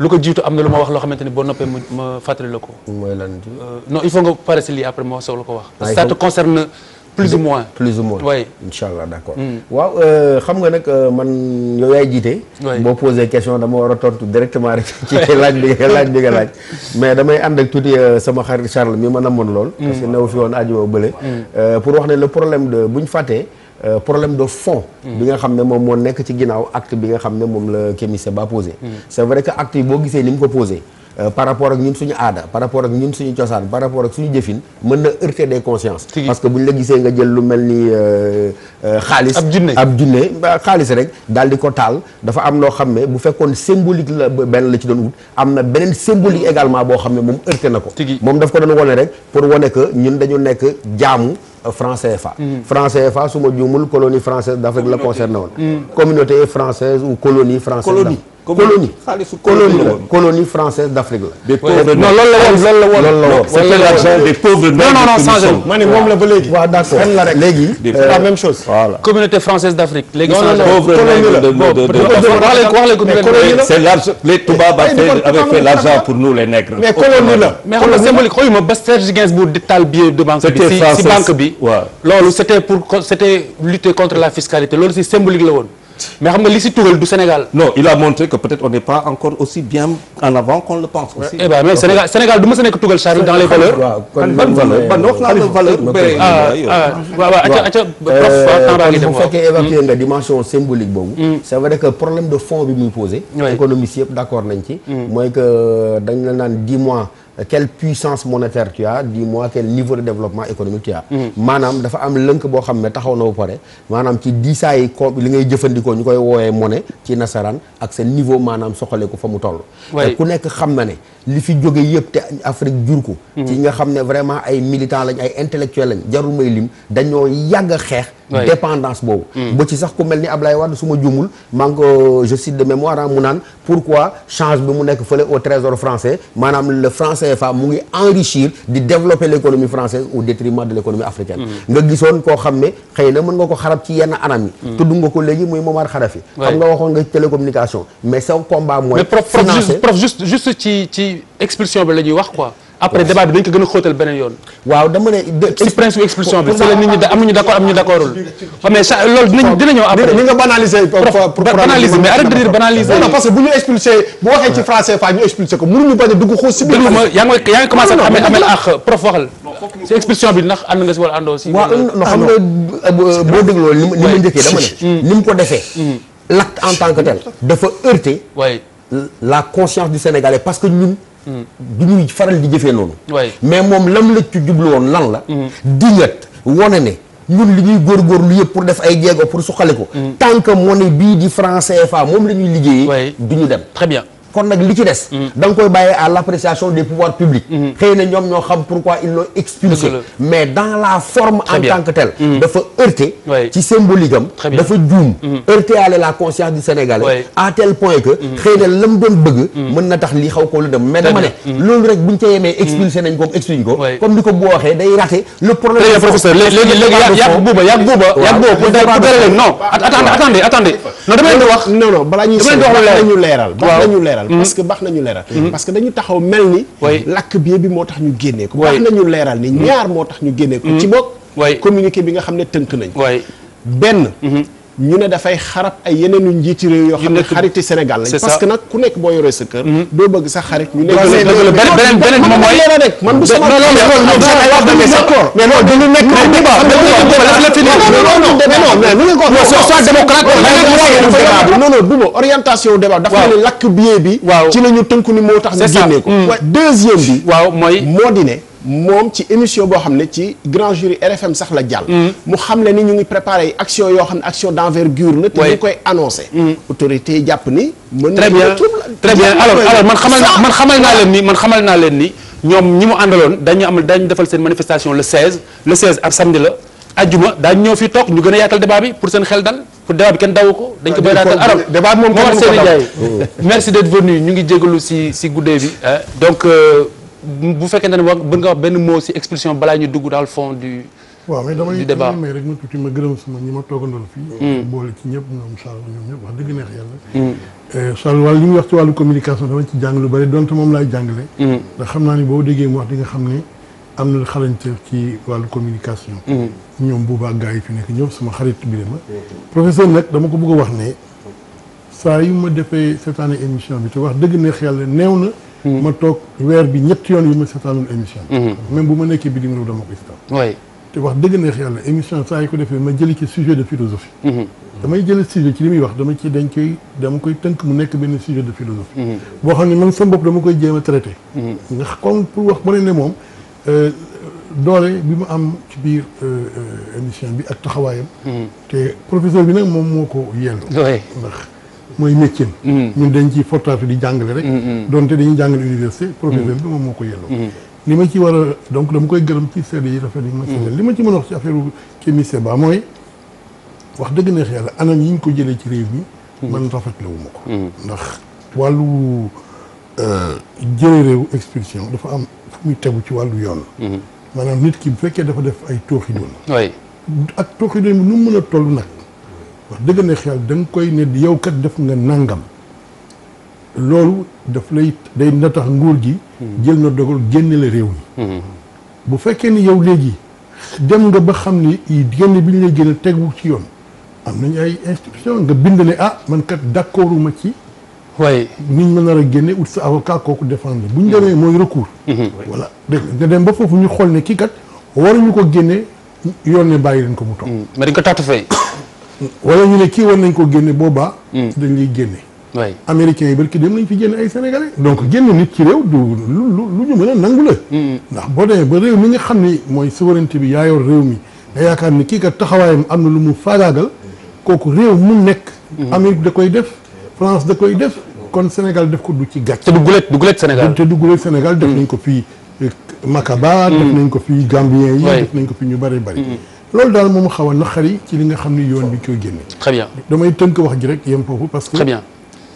ñu ko jiitu am na lu ma wax loo xamante ni boo noppee ma ma la ko. Euh, il faut nga pare si lii après ma soog la ko wax. Ah, ça te concerne. plus ou moins plus ou moins. oui incha allah d' mm. waaw euh, xam nga nag euh, man yow yaay jiite. boo posé question dama war a tontu directement rek ci laaj bi nga laaj bi nga mais damay ànd ak tuuti euh, sama xarit Charles mi ma namoon lool. Mm. parce que new fi woon aju bële. Mm. pour wax ne le problème de bu ñu fàttee. Euh, problème de fond. bi nga xam ne moom moo nekk ci ginnaaw acte bi nga xam ne moom la Kémi Seba posé. c' est que acte boo gisee ni mu ko posé. Euh, par rapport ak ñun suñu aada par rapport ak ñun suñu cosaan par rapport ak suñu jëfin mën na heurter des consciences parce que bu ñu la gisee nga jël lu mel ni euh, euh, xaalis ab junne ab junne xaalis rek daal di ko taal dafa am loo xam ne bu fekkoon symbolique la benn la ci doon wut am na beneen symbolique également boo xam ne moom heurter na ko moom daf ko doon wone rek pour wone que ñun dañu nekk jaamu franc fa franc CFA su ma juumul colonie française d'Afrique la concerné woon mm. communauté française ou colonie française colonie xaalisu colonie la colonie française d'Afrique la. des pauvres non loolu la woon loolu la woon. loolu la woon c'était l'argent des pauvres. non non non changé ma ne moom la ba léegi. waaw d'accord la rek léegi. la euh, même chose. voilà communauté française d'Afrique. léegi changé pauvre la c'est l'argent les tubaab avaient fait l'argent pour nous les nègres. mais colonie la. mais xam nga symbolique xooyu ma ba Serge Gainsbourg di taal billet de banque bi. si banque bi. waaw loolu c'était pour c'était lutter contre la fiscalité loolu si symbolique la woon mais xam nga li si tugal du Sénégal. non il a montré que peut-être on n'est pas encore aussi bien en avant qu'on le pense aussi. Eh Sénégal du ma sa nekk tugal Charles dans les valeurs. waaw kon ban valeur ban wax naa fekkee évacuer nga dimension symbolique boobu. Hmm. c'est vrai que problème de fond bi muy posé. économiste yëpp d'accord nañ ci. Hmm. mooy que dañ la naan dix mois. quelle puissance monétaire tu as dis-moi quel niveau de développement économique tu mm-hmm. maanaam dafa am lënk boo xam ne taxaw na ba pare maanaam ci diisaayi ko li ngay jëfandikoo ñu koy woowee monnaie ci nasaraan ak sa niveau maanaam soxale ko fa mu toll. te ku nekk xam na ne li fi jóge yëpp te Afrique jur ko. Mm-hmm. ci nga xam ne vraiment ay militants lañ ay intellectuels lañ jarul may lim dañoo yàgg a xeex. dépendance boobu. Mm. ba ci sax ku mel ni Ablaye Wade su ma juumul maa ngi ko je cite de mémoire ah mu naan pourquoi change bi mu nekk fële au trésor français CFA mu ngi enrichir di développer l'économie française au détriment de l'économie africaine mm-hmm. nga gisoon koo xam ne na mën nga ko xarab ci yenn anam yi mm-hmm. tudd nga ko léegi muy Momar Kharafi xam nga waxoon nga télécommunication mais sa combat mooy prof juste juste ci expulsion bi la wax quoi après débat bi dañ ko gën a xóotal beneen yoon. waaw dama ne ci principe expression bi. c'est nit ñi am ñu d'accord am ñu d'accordul. mais ça loolu dinañ dina ñëw après. ni nga banaliser. pour banaliser bu ñu expulsé bu waxee ci français fa ñu expulsé ko mënuñu bañ a dugg xool si biir. ma yaa bi ndax ànd nga si wala nga ko defee. Mm. l'acte en tant que tel. dafa heurter. la conscience du Sénégalais parce que ñun du ñuy faral di jëfee noonu. mais moom lam la ci jublu woon lan la. di mm-hmm. dingat wone ne. ñun li ñuy góor góorgóorlu yëpp pour def ay jéego pour suqali ko. Mm-hmm. tant que monnaie bii di franc CFA moom la ñuy liggéeyee. du ñu dem très bien. kon nag li ci des mm-hmm. da nga koy bàyyee à l'appréciation des pouvoirs publics mm-hmm. xëy na ñoom ñoo xam pourquoi ils l'ont expulsé mais dans la forme en tant que telle mm-hmm. dafa heurté ci symbolique am dafa juum heurté ale la conscience du Sénégalais à tel point que xëy na la mu doon bëgg mën na tax li xaw koo lu dem mais dama ne loolu rek buñ ca yemee expulsé nañ ko expulsé ko comme ni ko boo waxee day raté le problème professeur léegi léegi yàgg buuba yàgg buuba ñu leeral balaa leeral mm-hmm. parce que baax nañu leeral mm-hmm. parce que dañu taxaw mel ni lakk bi bi moo tax ñu génnee ko baax nañu leeral ni mm-hmm. ñaar moo tax ñu génnee ko ci boog communiqué bi nga xam ne tënk nañ benn ñu ne dafay xarab ay yeneenu njiiti réew yoo xam ne xariti Sénégal lañ parce que nag ku nekk boo yoree sa kër doo bëgg sa xarit ñu nekk beneen beneen moom mooy rek man bu sama mais loolu du nekk rek débat non non duma orientation débat dafa ne lakk billet bi ci la ñu tënku ni moo tax ñu génnee ko deuxième bi waaw mooy moo di ne moom ci émission boo xam ne ci grand jury RFM sax la jàll. Mm. mu xam le ni ñu ngi préparé action yoo xam ne action d'envergure la. te ñu koy annoncé. Mm. autorité yi jàpp ni. mën très bien très bien alors alors man xamal naa man xamal naa leen ni ñoom ñi mu àndaloon dañu am dañu defal seen manifestation le 16 le 16 ab samedi la. ajjuma daañ ñëw fii toog ñu gën a yaatal débat bi pour seen xel dal pour débat bi kenn daw ko dañ ko ah, bëri yaatal alors débat moom Momar Sène merci d'être venu ñu ngi jégalu si si guddee bi donc euh, bu fekkente ne wax bëgg nga wax benn mot ci expulsion balaa ñu dugg daal fond du. waaw mais damay damay may rek ma tuuti ma gërëm sama ñi ma toogandoon fii. Hmm. boole ci ñëpp ñoom Sall ñoom ñëpp wax dëgg hmm. eh, wàll li muy wax ci wàllu communication dama ci jàng hmm. xam naa ni boo déggee mu wax nga xam ne am na xarañteef ci wàllu communication. ñoom boobaa gaa yi fi nekk ñëpp sama xarit bi la ma. professeur nag dama ko bëgg a wax ne saa ma defee cette année émission bi te wax dëgg neex yàlla néew na Hmm. ma toog weer bi ñett yoon yu ma seetaanul émission hmm. même bu ma nekkee bitim réew dama koy seetaan oui te wax dëgg neex yàlla émission saa yu ko defee ma jëli ci sujet de philosophie hmm. damay jëli sujet ci li muy wax dama ci dañ koy dama koy tënk mu nekk benn sujet de philosophie boo xam ne man sama bopp dama koy jéem a traité ndax comme pour wax ma ne ne moom euh, doole bi mu am ci biir euh, euh, émission bi ak taxawaayam te professeur bi nag moom moo ko yell mooy métier mm-hmm. ñun dañ ci fortaatu di jàngale rek mm-hmm. donte dañuy jàngale université professeur bi moom moo ko yelloo mm-hmm. li ma ci war a donc dama koy gërëm ci seede yi rafet yi ma ci li ma ci mën a wax ci affaire chimiste ba mooy wax dëgg neex yàlla anam yi ñu ko jëlee ci réew mi man rafetlu wu ma ko ndax wàllu euh, jëlee réew expulsion dafa am fu muy tegu ci wàllu yoon maanaam nit ki bu fekkee dafa def ay tooxi doon ak tooxi doon bi nu mu mën a toll nag wax dëgg ne xel da koy ne yow kat def nga nangam loolu daf lay day na tax nguur gi. jël na dogal génne la réew mi. bu fekkee ni yow léegi dem nga ba xam ni génn bi ñu lay génne tegu ci yoon am nañu ay institution nga bind ne ah man kat d'accorduma ci. waaye niñ ma nar a génne ut sa avocat kooku défendre bu ñu demee mooy recours. voilà dégg dem ba foofu ñu xool ne kii kat waruñu ko génne yoon ne bàyyi leen ko mu toog. Mm. mais dañ ko taatu fay. wala ñu ne kii war nañ ko génne boobaa. Hmm. dañ lay génne. waay américains yi barki dem nañ fi génne ay sénégalais. donc génn nit ci réew du lu lu ñu mën a nangu la. Hmm. ndax boo demee ba réew mi nga xam ni mooy souveraineté bi yaa réew mi. nga yaakaar ni kii kat taxawaayam am na lu mu faagaagal. kooku réew mu nekk. Hmm. Amérique da koy def. France da koy def. kon Sénégal def ko du ci gàcc. te du gulet du gulet Sénégal Sénégal def nañ ko fii euh, Makaba. def nañ ko fii Gambien yi. def nañ ko fi ñu bari bari. loolu daal moom xaw a naqari ci li nga xam ni yoon bi koy génne. très bien damay tënk wax ji rek yem foofu parce que. très bien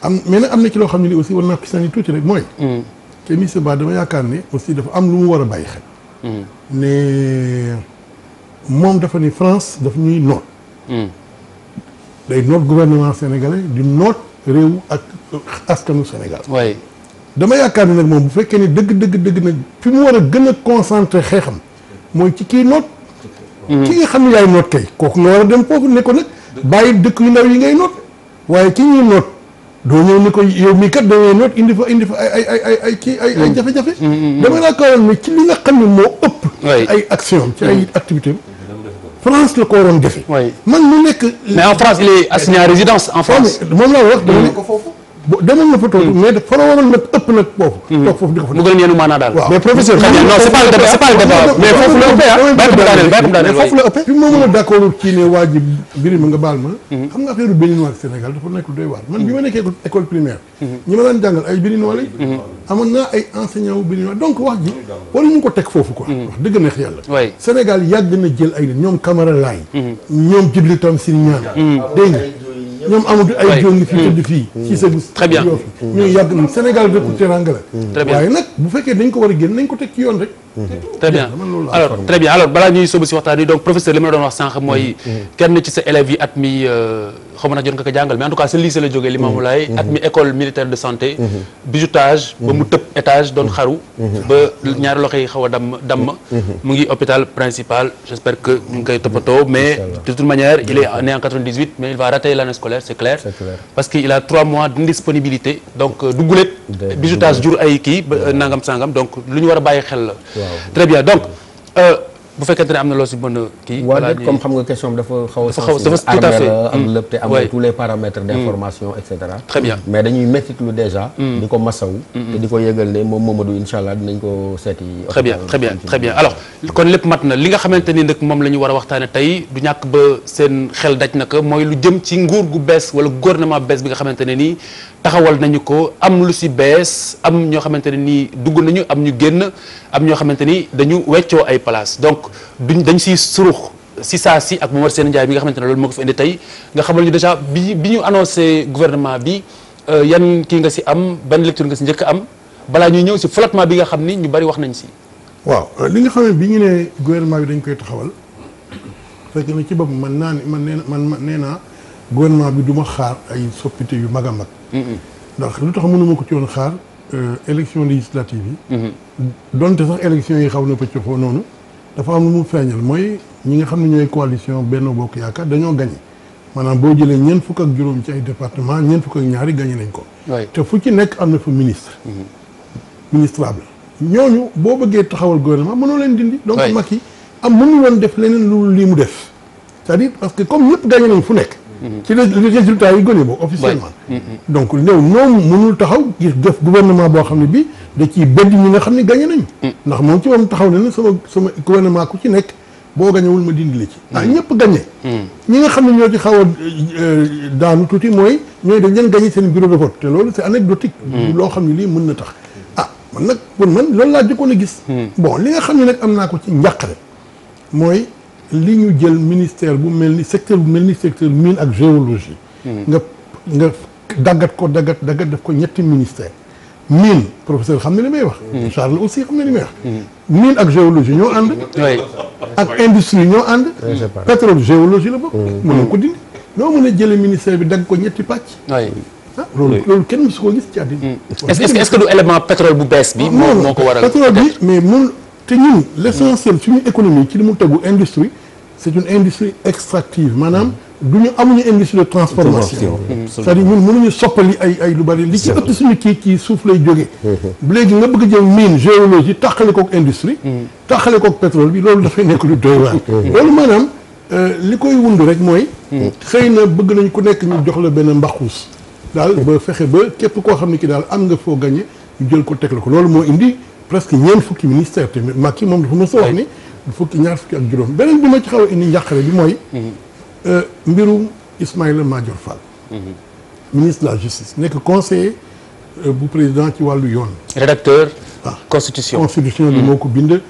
am mais nag am na ci loo xam ne aussi war naa ko sànni tuuti rek mooy. Hmm. te monsieur Ba dama yaakaar ne aussi dafa am lu mu war a bàyyi xel. Hmm. moom dafa ni France daf ñuy noot. Hmm. day noot gouvernement sénégalais di noot ak askanu Sénégal. waaye dama yaakaar ne nag moom bu fekkee ne dëgg dëgg dëgg nag fi mu war a gën a concentré xeexam mooy ci kii noot. ki nga xam ne yaay noot kay kooku nga dem foofu ne ko nag bàyyi dëkk yu ndaw yi ngay noot waaye ki ñuy noot doo ñëw ni ko yow mii kat doo ñëw noot indi fa indi fa ay ay ay ay ay ay jafe-jafe mm. Mm, mm, dama laa ko waral ne ci li nga xam ne moo ëpp ay action ci ay activité France la ko waroon defee man mu nekk mais en France il est assigné à résidence en France moom laa wax dama ne ko foofu bo demoon na fa toog hmm. mais fa la waroon nag ëpp nag foofu. Hmm. toog foofu di ko fa def. bëgg nañu maanaa daal. mais professeur. non c'est pas le débat c'est pas le débat mais foofu la ëppee ah. bàyyi ko mu daaneel bàyyi ko mu daaneel foofu la ëppee. fi ma mën a d'accord ci ne waa ji mbir mi nga baal ma. Hmm. xam nga affaire béninois ak Sénégal dafa nekk lu doy waar. man bi ma nekkee école primaire. ñi ma daan jàngal ay béninois lañ. amoon naa ay enseignants wu béninois donc wax ji. waruñu ko teg foofu quoi. wax dëgg neex yàlla. Sénégal yàgg na jël ay nit ñoom Camara Laye. ñoom Djibril Tamsir Niane dégg nga ñoom amatu ay jónni fii mm. tëdd fii mm. ci sa gis très bien ñu mm. yàgg nañ Sénégal dëkku teranga la waaye bu fekkee dañ ko war a génn nañ ko teg ci yoon rek très bien alors très bien alors balaa ñuy sóobu si waxtaan yi donc professeur li ma la doon wax sànq mooy kenn ci sa élèves at mi euh, xaw ma na jot nga ko jàngal mais en tout cas sa lycée la jógee Limamoulaye at mi école militaire de santé bijoutage ba mu tëb étage doon xaru ba ñaari loxo yi xaw a damm damm mu ngi hôpital principal j'espère ñu ngi koy toppatoo mais scolaire c'est clair. c'est clair parce que il a trois mois d'indisponibilité donc euh, du gulet. bijoutage jur ay kii ba nangam sangam donc lu ñu war a bàyyi xel la. très bien donc. Euh, bu fekkente ne am na loo si mën a kii. voilà comme xam nga question dafa xaw a. sensibiliser tout à fait am mm. lépp te am na tous les paramètres mm. d'information et cetera. bien mais dañuy métitlu déjà. Mm. di ko masawu. te di ko yëgal ne moom Mamadou incha allah dinañ ko seeti. très bien très bien très kon lépp mat na li nga xamante ni nag moom la ñu war a waxtaane tey du ñàkk ba seen xel daj na ko mooy lu jëm ci nguur gu bees wala gouvernement bees bi nga xamante ne taxawal nañu ko am lu si bees am ñoo xamante ne nii dugg nañu am ñu génn am ñoo xamante ni dañu weccoo ay place donc duñ dañ siy surux si saa si ak Momar Sène Ndiaye mi nga xamante ne loolu moo ko fi indi tey nga xamal ñu déjà bi bi ñu annoncé gouvernement bi euh, yan kii nga si am ban lecture nga si njëkk am balaa ñuy ñëw si flottement bi nga xam ni ñu bari wax nañ si. waaw euh, li nga xam ne bi ñu ne gouvernement bi dañ koy taxawal fekk na ci boppam man naa ne man nee na man nee naa gouvernement bi du ma xaar ay soppite yu mag a mag. ndax lu tax mënuma ko ci woon xaar euh, élection législative yi donte sax élection yi xaw na pëccëxoo noonu dafa am lu mu feeñal mooy ñi nga xam ne ñooy coalition benn Bokk Yaakaar dañoo gañe maanaam boo jëlee ñeent fukk ak juróom ci ay département ñeent fukk ak ñaari gañe lañ ko te fu ci nekk am na fa ministre ministrable ñooñu boo bëggee taxawal gouvernement mënoo leen dindi donc Macky am mënu woon def leneen lu lii mu def ta à parce que comme ñëpp gañe nañ fu nekk Mhm. ci résultat yi gone ba officiellement mhm. donc néew moom mënul taxaw gis def guvernement boo xam ne bi da ci bëdd ñi nga xam ne gañe nañ mm. ndax moom ci moom taxaw ne na sama sama gouvernement ku ci nekk boo gañewul ma dindi ci ndax mm. ñëpp gañe mm. ñi nga xam ne ñoo ci xaw a euh, daanu tuuti mooy ñooy dañ leen gañe seen bureau de vote te loolu c'est anecdotique loo xam ne lii mën na tax ah nag pour man loolu laa jëkkoon a gis bon li nga xam ne nag am naa ko ci njàqare mooy li ñu jël ministère bu mel ni secteur bu mel ni secteur mine ak géologie. Hmm. nga nga daggat ko daggat daggat def ko ñetti ministère mine professeur xam ne li may wax. Hmm. Charles aussi xam ne li may wax. Hmm. mine ak géologie ñoo ànd. ak industrie ñoo ànd. pétrole géologie la bokk. mënoo ko dindi loo mën a jëlee ministère bi dagg ko ñetti pàcc. ah loolu loolu kenn mësu ko ci que du élément bu bees bi. Ah, moo moo ko waral bi mais mun te ñun l' essentiel économie ci li mu tegu industrie. c'est une industrie extractive maanaam du ñu amuñu industrie de transformation c'est-à-dire ñun mënuñu soppali ay ay lu bari li ci ëpp suñu kii kii suuf lay jógee léegi nga bëgg jël mine géologie tàqale kook industrie taxale kook pétrole bi loolu dafay nekk lu doy waar loolu maanaam euh, li koy wund rek mooy xëy na bëgg nañ ko nekk ñu jox la benn mbaxuus daal ba fexe ba képp koo xam ne kii daal am nga foo gagné ñu jël ko teg la ko loolu moo indi presque ñeent fukki ministère te Macky moom dafa mës a wax ni fukki ñaar fukki ak juróom beneen bi ma ci xaw a indi njàqare bi mooy. Euh, mbirum Ismaïla Madior Fall. Mhm. ministre de la justice nekk conseiller euh, bu président ci wàllu yoon. rédacteur. waaw ah. constitution constitution bi mhm. moo ko bind.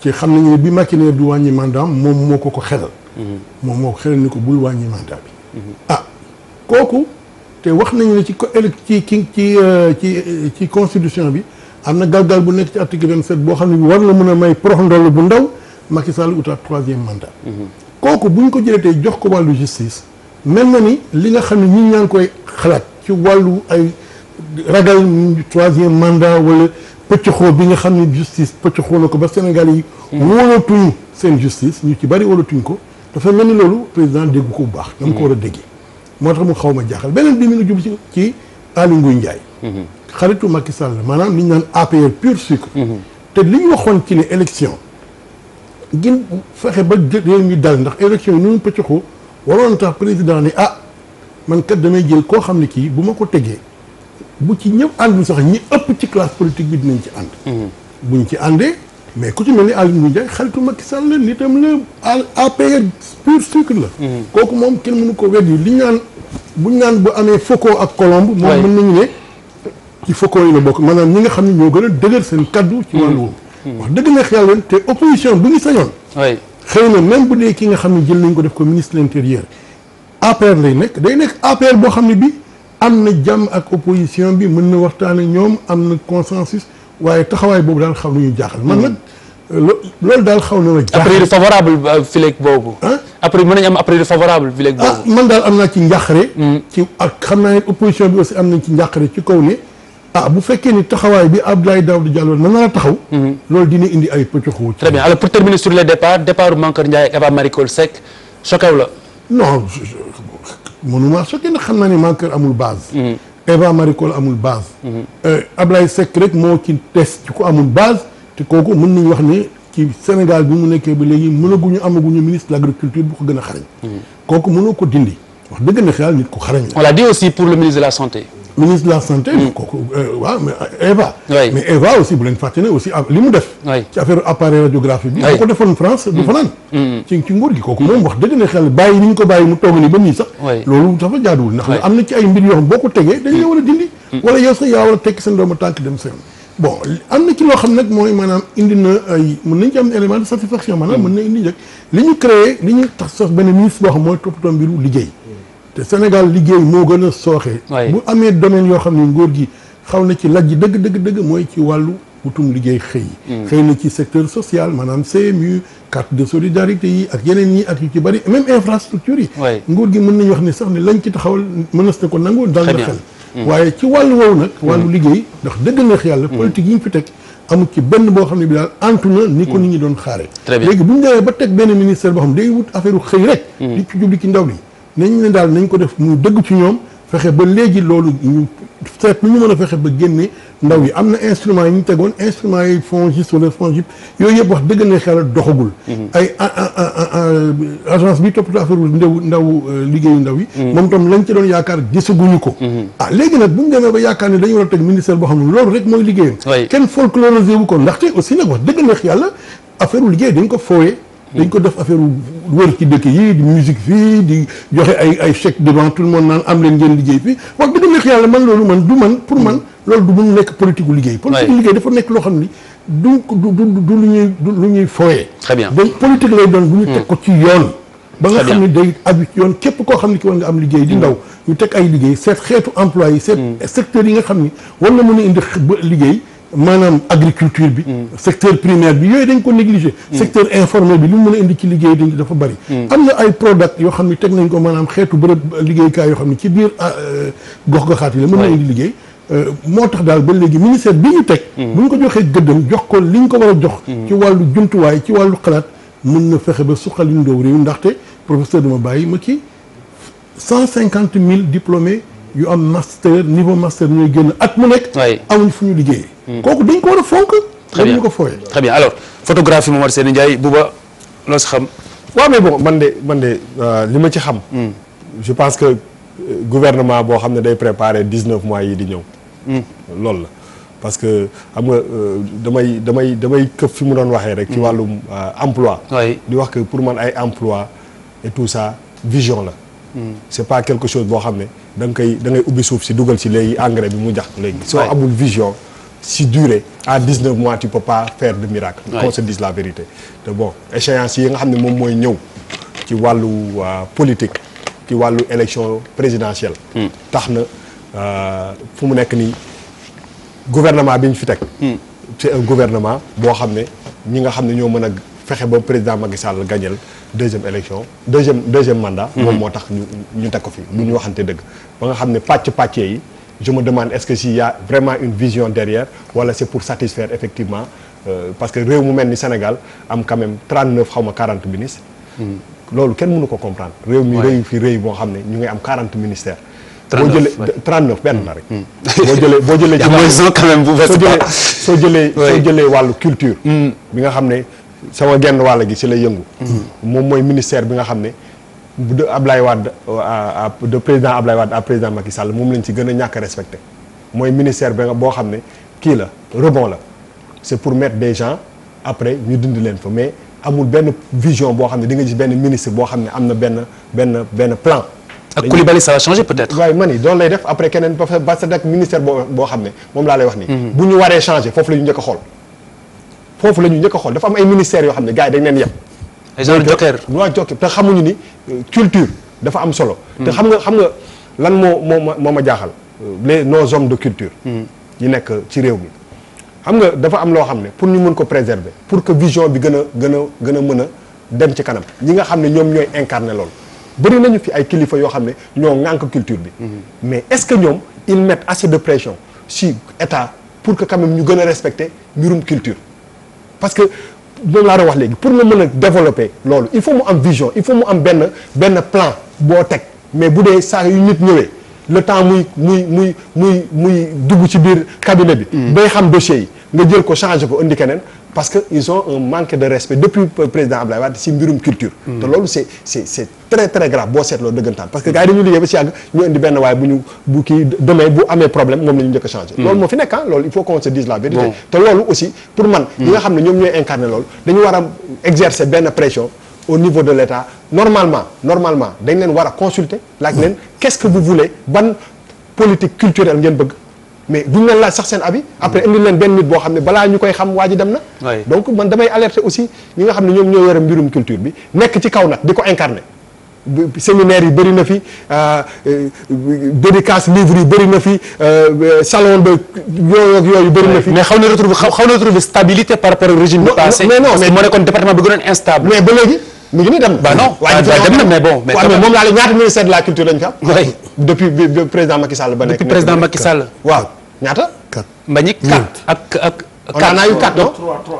ci xam nañu ne bi Macky ne du wàññi mandat moom moo ko ko xelal. Mhm. moom moo ko xelal ni ko bul wàññi mandat bi. ah kooku te wax nañu ni ci co ci ci euh, ci ci constitution bi am na galgal bu nekk ci article 27 boo xam ne war na mën a may prox ndoll bu ndaw. Macky Sall utaat troisième mandat. Mhm. kooku bu ñu ko jëlee tey jox ko wàllu justice. mel na ni li nga xam ne ñi ñaa ngi koy xalaat ci wàllu ay ragal troisième mandat wala pëccxoo bi nga xam ne justice pëccxoo na ko ba Sénégal yi. Mhm. wóolatuñu seen justice ñu ci bari wóolatuñ ko dafa mel ni loolu président déggu ko bu baax. dama ko mhm. war a déggee moo tax mu xaw ma jaaxal beneen bi mi ngi jub ci ci Aly Ngouille Ndiaye. xaritu Macky Sall maanaam li ñu naan APR pur te li waxoon ci ne ngir fexe ba réew mi dal ndax élection yi nu mu pëccëxoo waroon tax président ni ah man kat damay jël koo xam ne kii bu ma ko tegee bu ci ñëpp àndul sax ñi ëpp ci classe politique bi dinañ ci ànd. Mhm. buñ ci àndee mais ku ci mel ni Alioune Ndiaye xaritu Macky Sall la nitam la APR pur sucre la. Mhm. kooku moom kenn mënu ko weddi li ñu naan bu ñu naan bu amee Foucault ak Colombe. moom mën nañu ne ci Foucault yi la bokk maanaam ñi nga xam ne ñoo gën a dëgër seen kaddu. ci wàllu Hmm. wax dëgg la xel leen te opposition bu ñu sañoon. oui xëy na même bu dee ki nga xam ne jël nañ ko def ko ministre de l'intérieur APR lay nekk day nekk APR boo xam ne bi am na jàmm ak opposition bi mën na waxtaan ñoom am na consensus waaye taxawaay boobu daal xaw nañu jaaxal. man nag hmm. loolu daal xaw na ma jaaxal. après favorable euh, fileeg boobu. après mën nañu am après favorable fileeg ah, boobu. ah man daal am naa ci njàqare. Hmm. ci ak xam naa ne opposition bi aussi am nañ ci njàqare ci kaw ne. ah bu fekkee ni taxawaay bi Abdoulaye Daouda Diallo na la taxaw. Mhm. loolu dina indi ay pëccu très bien alors pour terminer sur les départs départ Mankeur Ndiaye ak Eva Marie Coll Seck choqué wu la. non mënuma choqué nag xam naa ne Mankeur amul base. Mhm. Eva Marie Coll amul base. Mhm. Euh, Abdoulaye Seck rek moo ci test ko amul base te kooku mën nañu wax ne ci Sénégal bi mu nekkee ba léegi mënaguñu amaguñu ministre de l'agriculture bu ko gën a xarañ. kooku mënoo ko dindi wax dëgg na xel nit ku xarañ la. la santé. ministre de la santé. Mm. kooku euh, waaw mais euh, Eva. mais Eva bu leen fàtte aussi ah, li mu def. ci affaire appareil radiographie bi. bu ko defoon France du mm. fanaan. Mm. ci nguur gi kooku moom wax dëgg ne xel bàyyi ni ñu ko bàyyi mu toog nii ba nii sax. loolu dafa jaaduwul ndax am na ci ay mbir yoo xam boo ko tegee dañ la war a dindi. wala yow sax yaa war a tekki seen doomu tànk dem seen. bon am na ci loo xam nag mooy maanaam indi na ay mën nañ ci am élément de satisfaction maanaam na indi njëkk li li ñu tax sax benn ministre boo xam mooy toppatoo mbiru liggéey te Sénégal liggéey moo gën a sooxe. bu amee domaine yoo xam ne nguur gi xaw na ci lajj dëgg dëgg dëgg mooy ci wàllu utum liggéey xëy. Mm. xëy na ci secteur social maanaam CMU carte de solidarité yi ak yeneen yi ak yu ci bari même infrastructure yi. nguur gi mën nañu wax ne sax ne lañ ci taxawal mën na ko nangu. dal na xel mm. waaye ci wàllu woowu nag. Mm. wàllu liggéey ndax dëgg neex yàlla. politique yi ñu fi teg. amul ci benn boo xam ne bi daal antu na ni ko nit doon xaare léegi bu ñu demee ba teg benn ministère boo xam day wut affaire xëy rek. ci ndaw li nañ ne daal nañ ko def mu dëgg ci ñoom fexe ba léegi loolu ñu seet nu ñu mën a fexe ba génne ndaw yi am na instruments yi ñu tegoon instruments yi FONGIP wala FONGIP yooyu yëpp wax dëgg ne xel doxagul. Mm-hmm. ay agence bi toppatoo affaire ndaw ndaw euh, liggéeyu ndaw yi. Mm-hmm. moom itam lañ ci doon yaakaar gisaguñu ko. Mm-hmm. ah léegi nag bu ñu demee ba yaakaar ne dañu war a teg ministère boo xam ne loolu rek mooy liggéeyam. kenn folklorisé wu ko ndaxte aussi nag wax dëgg neex yàlla affaire liggéey dañ ko fooyee. dañ ko def affaire wër ci dëkk yi di musique fii di joxe ay ay de devant tout le monde naan am leen ngeen liggéey fii wax dëgg nekk yàlla man loolu man du man pour man loolu du mun nekk politique u liggéey politique u liggéey dafa nekk loo xam ni du du du lu ñuy lu ñuy fooyee très bien donc politique lay doon bu ñu teg hmm. ko ci yoon ba nga xam ne day abi yoon képp koo xam ne ki war nga am liggéey di hmm. ndaw ñu teg ay liggéey seet xeetu emploi yi seet hmm. secteurs yi nga xam ni war na mën a indi liggéey maanaam agriculture bi hmm. secteur primaire bi yooyu dañ ko négligé hmm. secteur informel bi li mu mën a indi ci liggéey dañ dafa bari hmm. am na ay product yoo xam ne teg nañ ko maanaam xeetu bërëb liggéeykaay yoo xam ne ci biir ah, euh, gox-goxaat yi la mën na indi liggéey euh, moo tax daal ba léegi ministère bi ñu teg bu ñu ko joxee gëddam jox ko li ñu ko war a jox ci wàllu jumtuwaay ci wàllu xalaat mun na fexe ba suqali ndóow réew ndaxte professeur dama bàyyi ma ci cent cinquante mille diplômés yu am master niveau master ñooy génn at mu nekk. amuñ fu ñu liggéeyee. Hmm. kooku dañ ko war a fonk. très bien ko fooyee. très bien alors photographie Momar Sène Ndiaye Bouba loo si xam. waaw mais man de man de euh, li ma ci xam. Hmm. je pense que euh, gouvernement boo xam ne day préparer dix neuf mois yi di ñëw. Hmm. loolu la parce que xam nga euh, damay damay damay këf fi mu doon waxee rek. ci wàllu emploi. di wax que pour man ay emploi et tout ça vision la. c'est pas quelque chose boo xam ne da koy da ngay ubbi suuf si dugal si léegi engrais bi mu jax léegi soo amul vision si durée à 19 mois tu peux pas faire de miracle qu'on se dise la vérité te bon échéance yi nga xam ne mooy ñëw ci wàllu euh, politique ci wàllu élection présidentielle hmm. tax na euh, fu mu nekk nii gouvernement bi ñu fi teg hmm. c'est un gouvernement boo xam ne ñi nga xam ne ñoo mën a fexe ba président Macky Sall gañel deuxième élection deuxième deuxième mandat. Mhm. moom moo tax ñu ñu teg ko fi. bu ñu waxante dëgg ba nga xam ne pàcc pàccee yi je me demande est-ce que s'il y a vraiment une vision derrière wala c'est pour satisfaire effectivement euh, parce que réew mu mel ni Sénégal am quand même 39 xaw ma 40 ministres. Mhm. loolu kenn mënu ko comprendre. réew mi réew fi réew boo xam ne ñu ngi am 40 ministères. 39 boo jëlee 39 benn la rek. Mhm. boo jëlee boo jëlee. ci wàllu quand même bu soo jëlee soo jëlee wàllu culture. Mm. bi nga xam ne. sama genn wàll gi ci la yëngu. moom mooy ministère bi nga xam ne de Ablaye Wade euh, à de président Ablaye Wade à président Macky Sall moom lañ ci gën a ñàkk respecté mooy ministère bi nga boo xam ne kii la rebond la c'est pour mettre des gens après ñu dindi leen fa mais amul benn vision boo xam ne di nga gis benn ministre boo xam ne am na benn benn benn plan. ak Koulibaly a va changer peut waaye man yi doon lay def après keneen parce que parce ministère boo boo wax mm-hmm. bu ñu waree changer foofu la ñu njëkk a foofu la ñu njëkk xool dafa am ay ministères yoo xam ne gars yi dañ leen yem. ay genre joker waa joker te xamuñu ni euh, culture dafa am solo. te hmm. xam nga xam nga lan moo moo moo ma jaaxal euh, les nos hommes de culture. Hmm. yi nekk ci réew mi. xam nga dafa am loo xam ne pour ñu mën ko préserver pour que vision bi gën a gën a gën mën a dem ci kanam ñi nga xam ne ñoom ñooy incarné loolu bëri nañu fi ay kilifa yoo xam ne ñoo ŋànk culture bi. Hmm. mais est-ce que ñoom ils mettent assez de pression si état pour que quand même ñu gën a respecter mbirum culture. parce que moom laa doon wax léegi pour nga mën a développer loolu il faut mu am vision il faut mu am benn benn plan boo teg mais bu dee saa yu nit ñëwee le temps muy muy muy muy muy dugg ci biir cabinet bi. Mm. bay xam dossier yi nga jël ko changer ko indi keneen. parce que ils ont un manque de respect depuis président Abdoulaye Wade si mbirum culture hmm. te loolu c'est très très grave boo seetloo dëggantaan parce que gars yi dañuy liggéey ba si yàgg ñu indi benn waaye bu ñu bu kii demee bu amee problème moom la ñu njëkk a changé hmm. loolu moo fi nekk ah loolu il faut qu'on se dise la vérité te loolu aussi pour man ñi nga hmm. xam ne ñoom ñooy incarné loolu dañu war a exercer benn pression au niveau de l'État normalement normalement dañ leen war a laaj leen qu'est-ce que vous voulez ban politique ngeen bëgg mais duñ ne laaj sax seen abi après mm. indi benn nit boo xam ne balaa ñu koy xam waa ji dem na donc man damay alerte aussi ñi nga xam ne ñoom ñoo yore mbirum culture bi nekk ci kaw nag di ko incarner séminaire yi bëri na fi euh, euh, dédicace livre yi bëri na fi euh, salon de yooyu yooyu bëri na fi mais xaw na retrouver xaw na retrouver stabilité par rapport au régime passé mais non mais moo nekkoon département bi gënoon instable mais ba léegi mu ngi nii dem. waaw non waaye dem na mais bon. mais moom laa la ñaata ministère de la culture lañ fi am. oui depuis bi président Macky ba nekk. depuis président Macky Sall. waaw ñaata. Hmm. ak ak. on en a eu quatre non.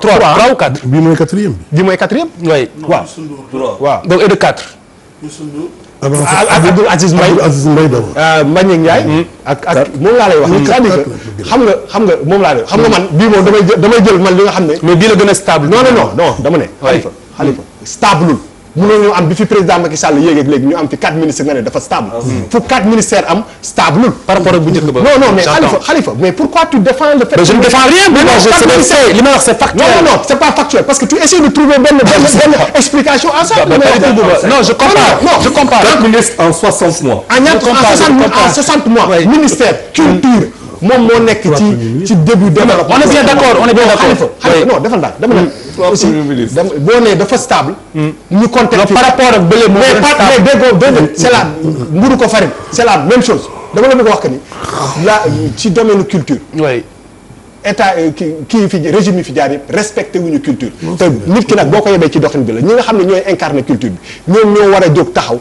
trois trois ou quatre. bii mooy quatrième bi. bii mooy quatrième. oui waaw waaw donc et de quatre. Ah, ah, ah, Abdoul Aziz Mbaye hmm. ak ak moom laa lay wax. xam nga xam nga moom laa lay xam nga hmm. man bii moom damay jël damay jël man li nga xam ne. mais bii la gën a stable. non non non dama ne. xalifa stablul mënoo ñoo am bi fi président Macky Sall yéeg ak léegi ñu am fi quatre ministres nga ne dafa stable ah, fu quatre ministères am stablul par rapport ak bu njëkk ba non non mais xalifa xalifa mais pourquoi tu défends le fait mais je ne défends rien mais non li ma wax c'est factuel non non c'est pas factuel parce que tu essaies de trouver benn benn explication à ça non je compare non je compare quatre ministres en 60 mois en 60 mois ministère culture moom moo nekk ci ci début développement. on est bien d'accord on est bien d'accord non defal daal dama ne. aussi boo nee dafa stable. Mm. ñu contexte par rapport ak bële moo mais par mais déggoo déggoo mm. c'est la mburu ko farine c'est la même chose dama la bëgg wax que ci domaine culture. oui. état euh, kii kii fi régime yi fi jaar yëpp respecté wuñu culture te nit ki nag boo ko yebee ci doxin bi la ñi nga xam ne ñooy incarné culture bi ñoom ñoo war a jóg taxaw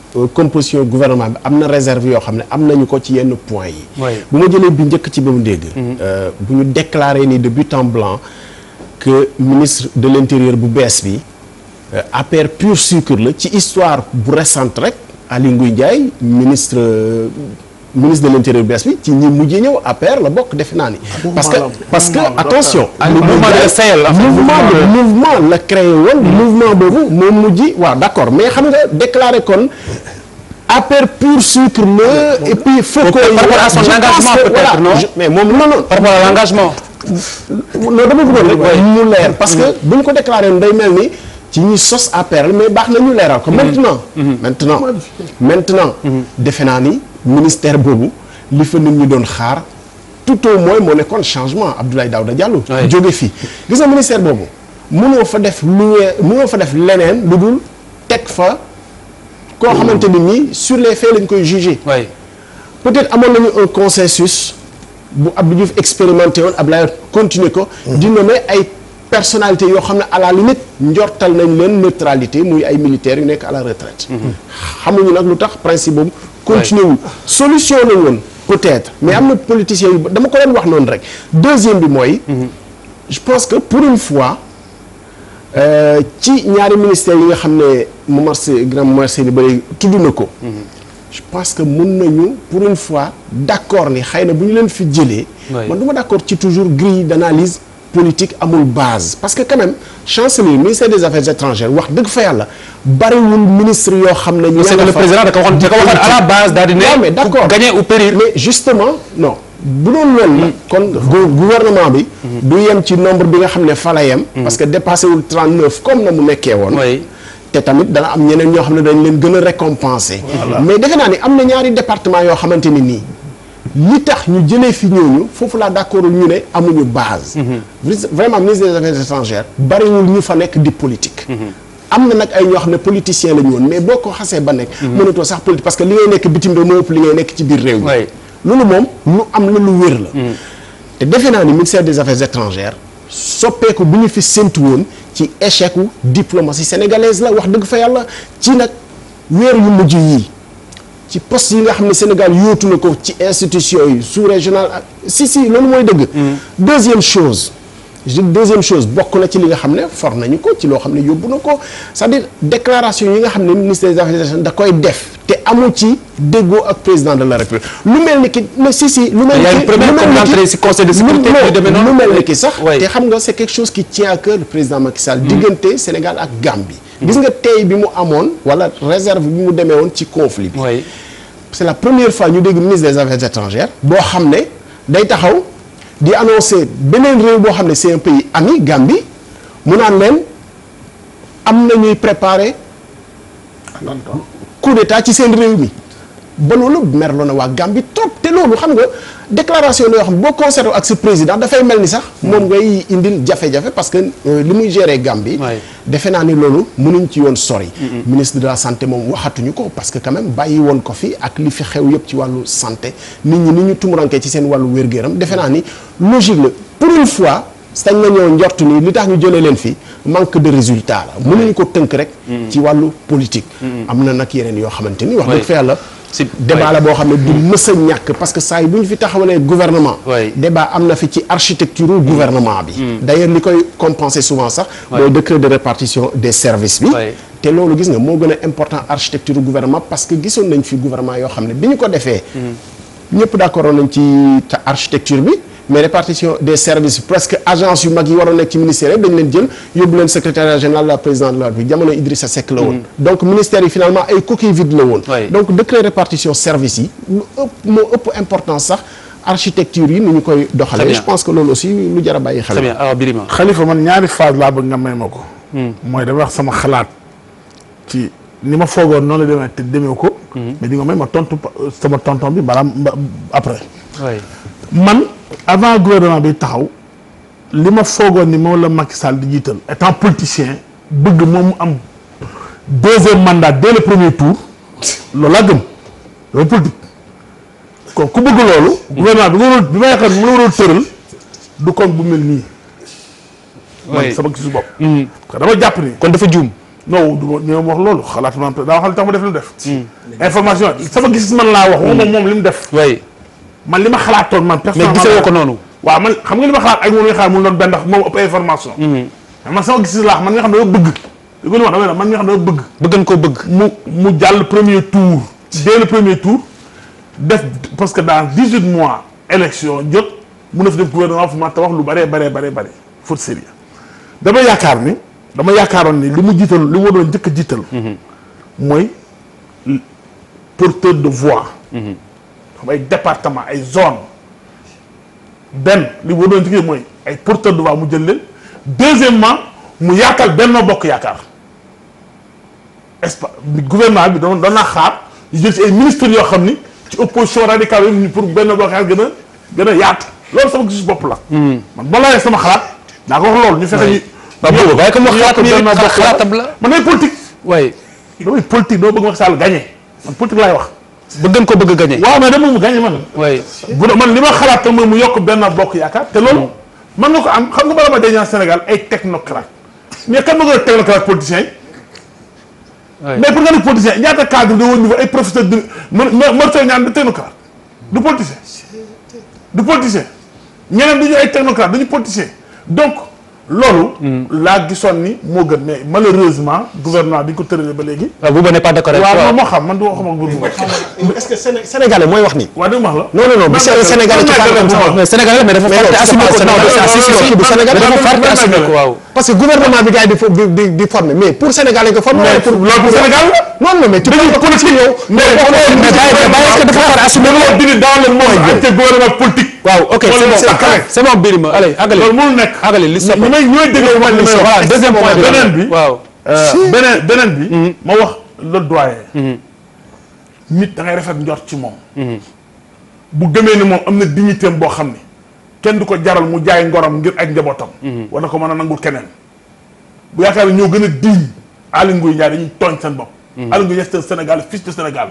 Euh, composition gouvernement bi am na réserve yoo xam ne am nañu ko ci yenn point yi bu ma jëlee bi njëkk ci ba mu dégg mm-hmm. euh, bu ñu déclaré ni de but en blanc que ministre de l'intérieur bu bees bi euh, affaire pur sucre la ci histoire bu récente rek Aly Ngouille Ndiaye ministre ministre de l'intérieur bees bi ci ñi mujjee ñëw APR la bokk defe naa ni. parce que parce que attention. Ah, mouvement de Sahel mouvement mouvement la créé woon. mouvement boobu moom mujj waaw d'accord mais xam nga déclaré kon. APR pur sucre la et puis. faut que par rapport à son engagement peut-être mais moom non non par rapport à l'engagement. non mu leer parce que mm-hmm. bu ñu ko déclaré woon day mel ni. ci ñi sos APR mais baax na ñu leeral ko. Mm-hmm. Mm-hmm. maintenant maintenant maintenant. defe naa ni. ministère boobu li fa nit ñi doon xaar tout au moins moo nekkoon changement Abdoulaye Daouda Diallo. jóge fii gis nga ministère boobu mënoo fa def lu mënoo fa def leneen lu dul teg fa. koo xamante ni nii sur les faits lañ koy juger. peut-être amoon nañu un consensus bu Abdou Diouf expérimenté woon Abdoulaye continuer ko. Mm-hmm. di nommer ay personnalités yoo xam ne à la limite njortal nañ leen neutralité muy ay militaires yu nekk à la retraite. Mm-hmm. xamuñu nag lu tax principe boobu. continuer wu solution la woon peut-être mais am na politicien dama ko leen wax noonu rek deuxième bi mooy mhm. je pense que pour une fois euh, ci ñaari ministères yi nga xam ne Momar Sy grand Momar Sy ni bëri tudd na ko mhm. je pense que mun nañu pour une fois d'accord ni xay na bu ñu leen fi jëlee man du ma d'accord ci toujours grille d'analyse politique amul base parce que quand même chancelier ministère des affaires étrangères wax dëgg fa yàlla bariwul ministre yoo xam ne. ñu ngi le président da ko waxoon da la base daal di ne. mais bu doon loolu la hmm. kon gouvernement bi. Hmm. du yem ci nombre bi nga xam ne fala yem. Hmm. parce que dépassé wul 39 comme na mu nekkee woon. te tamit dana am ñeneen ñoo xam ne dañ leen gën a récompenser. mais defe naa ni am na ñaari département yoo xamante ni nii. li tax ñu jëlee fi ñooñu foofu laa d'accord ñu ne amuñu base. Mhm. vraiment ministre des affaires étrangères. bariwul ñu fa nekk di politique. Mhm. am na nag ay ñoo xam ne politiciens la ñu woon mais boo ko xasee ba nekk. Mhm. mënatoo sax politique parce que li ngay nekk bitim réew moo ëpp li ngay nekk ci biir réew mi. loolu moom lu am la lu wér la. te defe naa ni ministère des affaires étrangères soppeeku bu ñu fi séntu woon ci échec u diplomatie sénégalaise la wax dëgg fa yàlla ci nag weer yu mujj yii. ci post yi nga xam ne Sénégal yóotu na ko ci institution yi sous régional ak si si loolu mooy dëgg. Mm. deuxième chose. je deuxième chose bokk na ci li nga xam ne for nañu ko ci loo xam ne yóbbu na ko c'est-à-dire déclaration yi nga xam ne ministre des affaires koy def te amu ci déggoo ak président de la république lu mel ni ki mais si si. lu mel ni ki lu mel ni ki sax. te xam nga c'est quelque chose qui tient à cœur président Macky Sall. Mm. diggante Sénégal ak Gambie. gis nga tey bi mu amoon wala réserve bi mu demee woon ci conflit bi. oui c'est la première fois ñu dégg ministre des affaires étrangères. boo xam ne day taxaw di annoncer beneen réew boo xam ne c'est un pays ami Gambie mu naan leen am na ñuy préparer. Ah, coup d'état ci seen réew mi. ba loolu merloo na waa Gambie trop te loolu xam nga déclaration la yoo xam boo concerté ak président dafay mel ni sax moom ngay indil jafe-jafe parce que euh, li muy gérer Gambie defe naa ni loolu mënuñ ci yoon sori ministre de la moom waxatuñu ko parce que quand bàyyi woon ko fi ak li fi xew yëpp ci wàllu santé nit ñi ni ñu tumurankee ci seen wàllu wér gu defe naa ni logique la pour une fois sañ nañoo njort ni li tax ñu jëlee leen fi manque de résultat la mënuñu ko tënk rek mm. ci wàllu politique am na nag yeneen yoo xamante ni wax dëgg fa yàlla si la boo xam ne du mës a parce que saa yi bu ñu fi taxawalee gouvernement. débat am na fi ci architecture gouvernement bi. Mm. Mm. d' ailleurs li koy compenser souvent sax. mooy décret de répartition des services bi. te loolu gis nga moo gën a important architecture gouvernement parce que gisoon nañ fi gouvernement yoo xam ne bi ñu ko defee. Mm. ñëpp d' accord nañ ci architecture bi. mais répartition des services presque agence yu mag yi waroon nekk ci ministère dañ leen jël yóbbu leen secrétariat général la président de la République jamono Idrissa Seck la woon mm-hmm. donc ministère yi finalement ay coquille vide la woon donc décret répartition service yi lu ëpp moo ëpp importance sax architecture yi ni ñu koy doxalee je pense que loolu aussi lu jar a bàyyi xel Khalifa man ñaari phase laa bëgg nga may ma ko hmm. mooy dama wax sama xalaat ci ni ma foogoon noonu la demee te demee ko hmm. mais di nga may ma tontu sama tonton bi balaa après man avant gouvernement bi taxaw li ma foogoon ni moom la Macky Sall di jiital étant politicien bëgg moom mu am deuxième mandat dès le premier tour loolu la gëm loolu politique kon ku bëgg loolu. gouvernement bi nga bi ma yaakaar mu la waroon du kon bu mel nii. man sama gisu bopp. kon mm. dama jàpp ni. kon dafa juum. non du ma wax loolu xalaat ma daa wax li tax mu def li mu def. Mm. information sama gis man laa wax. moom moom li mu def. man li ma xalaatoon man. personnellement mais gisee ko noonu. waaw man xam nga li ma xalaat ak moom la ñu xalaat mu doon benn ndax moom ëpp information. Mhm. man sama gis-gis man nga xam ne dama bëgg. li ko wax dama man nga xam ne dama bëgg. mu mu jàll premier tour. dès le premier tour def parce que dans dix huit mois élection jot mun na fi dem gouvernement fu ma te wax lu bëree bëree bëree bëri faut sérieux dama yaakaar ni dama yaakaaroon ni li mu jiital li mu waroon njëkk a jiital. Mhm. mooy porteur de voix. Mhm. am ay département ay zone benn li boo doon jigéen mooy ay porteur de voix mu jël leen deuxièmement mu yaatal Benno Bokk Yaakaar espace gouvernement bi doon doon na xaar ñu jël ci ay ministres yoo xam ni ci opposition radicale yi pour Benno Bokk Yaakaar gën a gën a yaatu loolu sama gis bopp la. Hmm. man ba laajee sama xalaat naa ko wax loolu. ñu fexe ñu. la man ay politique. waaye damay politique doo bëgg wax Sall gagné man politique laay wax. ba gën ko bëgg a gagné. waaw mais de moom mu gagné man. oui bu man li ma xalaat tam mooy mu yokk benn bokk yaakaar te loolu. mën nga ko am xam nga bala ma dañu Sénégal ay technocrate mais kan ma gën a technocrate politicien yi. mais pour nga ne politicien ñaata cadre de haut niveau ay professeur de ma ma Mor ñaan du technocrate du politicien. du politicien ñeneen du ay technocrate du ñu politicien donc. loolu. Hmm. laa gisoon ni moo gën mais malheureusement gouvernement bi ñu ko tëralee ba léegi. ba ah, ne pas d'accord waaw moo xam man du ma xam ak bu ma. est-ce que sénégalais mooy wax nii. waaw dégg nga la. non non non bu sénégalais ci fànn. sénégalais mais dafa fàtte assumer ko. non non non non parce que gouvernement bi gars di di mais pour Sénégal lañ ko former. mais pour loolu pour Sénégal non non mais. ci politique politique yow. mais mais gouvernement politique. waaw ok c'est bon Birima allez àggali. loolu mënul nekk àggali li soxla. mais ñooy déglu man li soxla voilà deuxième point bi beneen bi. Euh, beneen bi. Mm-hmm. ma wax le doyen. Mm-hmm. nit da ngay rafet njort ci moom. Mm-hmm. bu gëmee ne moom am na dignité boo xam ne. kenn du ko jaral mu jaay ngoram ngir ak njabootam. war na ko mën a nangul keneen. bu yaakaar ñoo gën a diñ Aly Ngouille Ndiaye dañuy tooñ seen bopp. Aly Ngouille Ndiaye Sénégal fils de Sénégal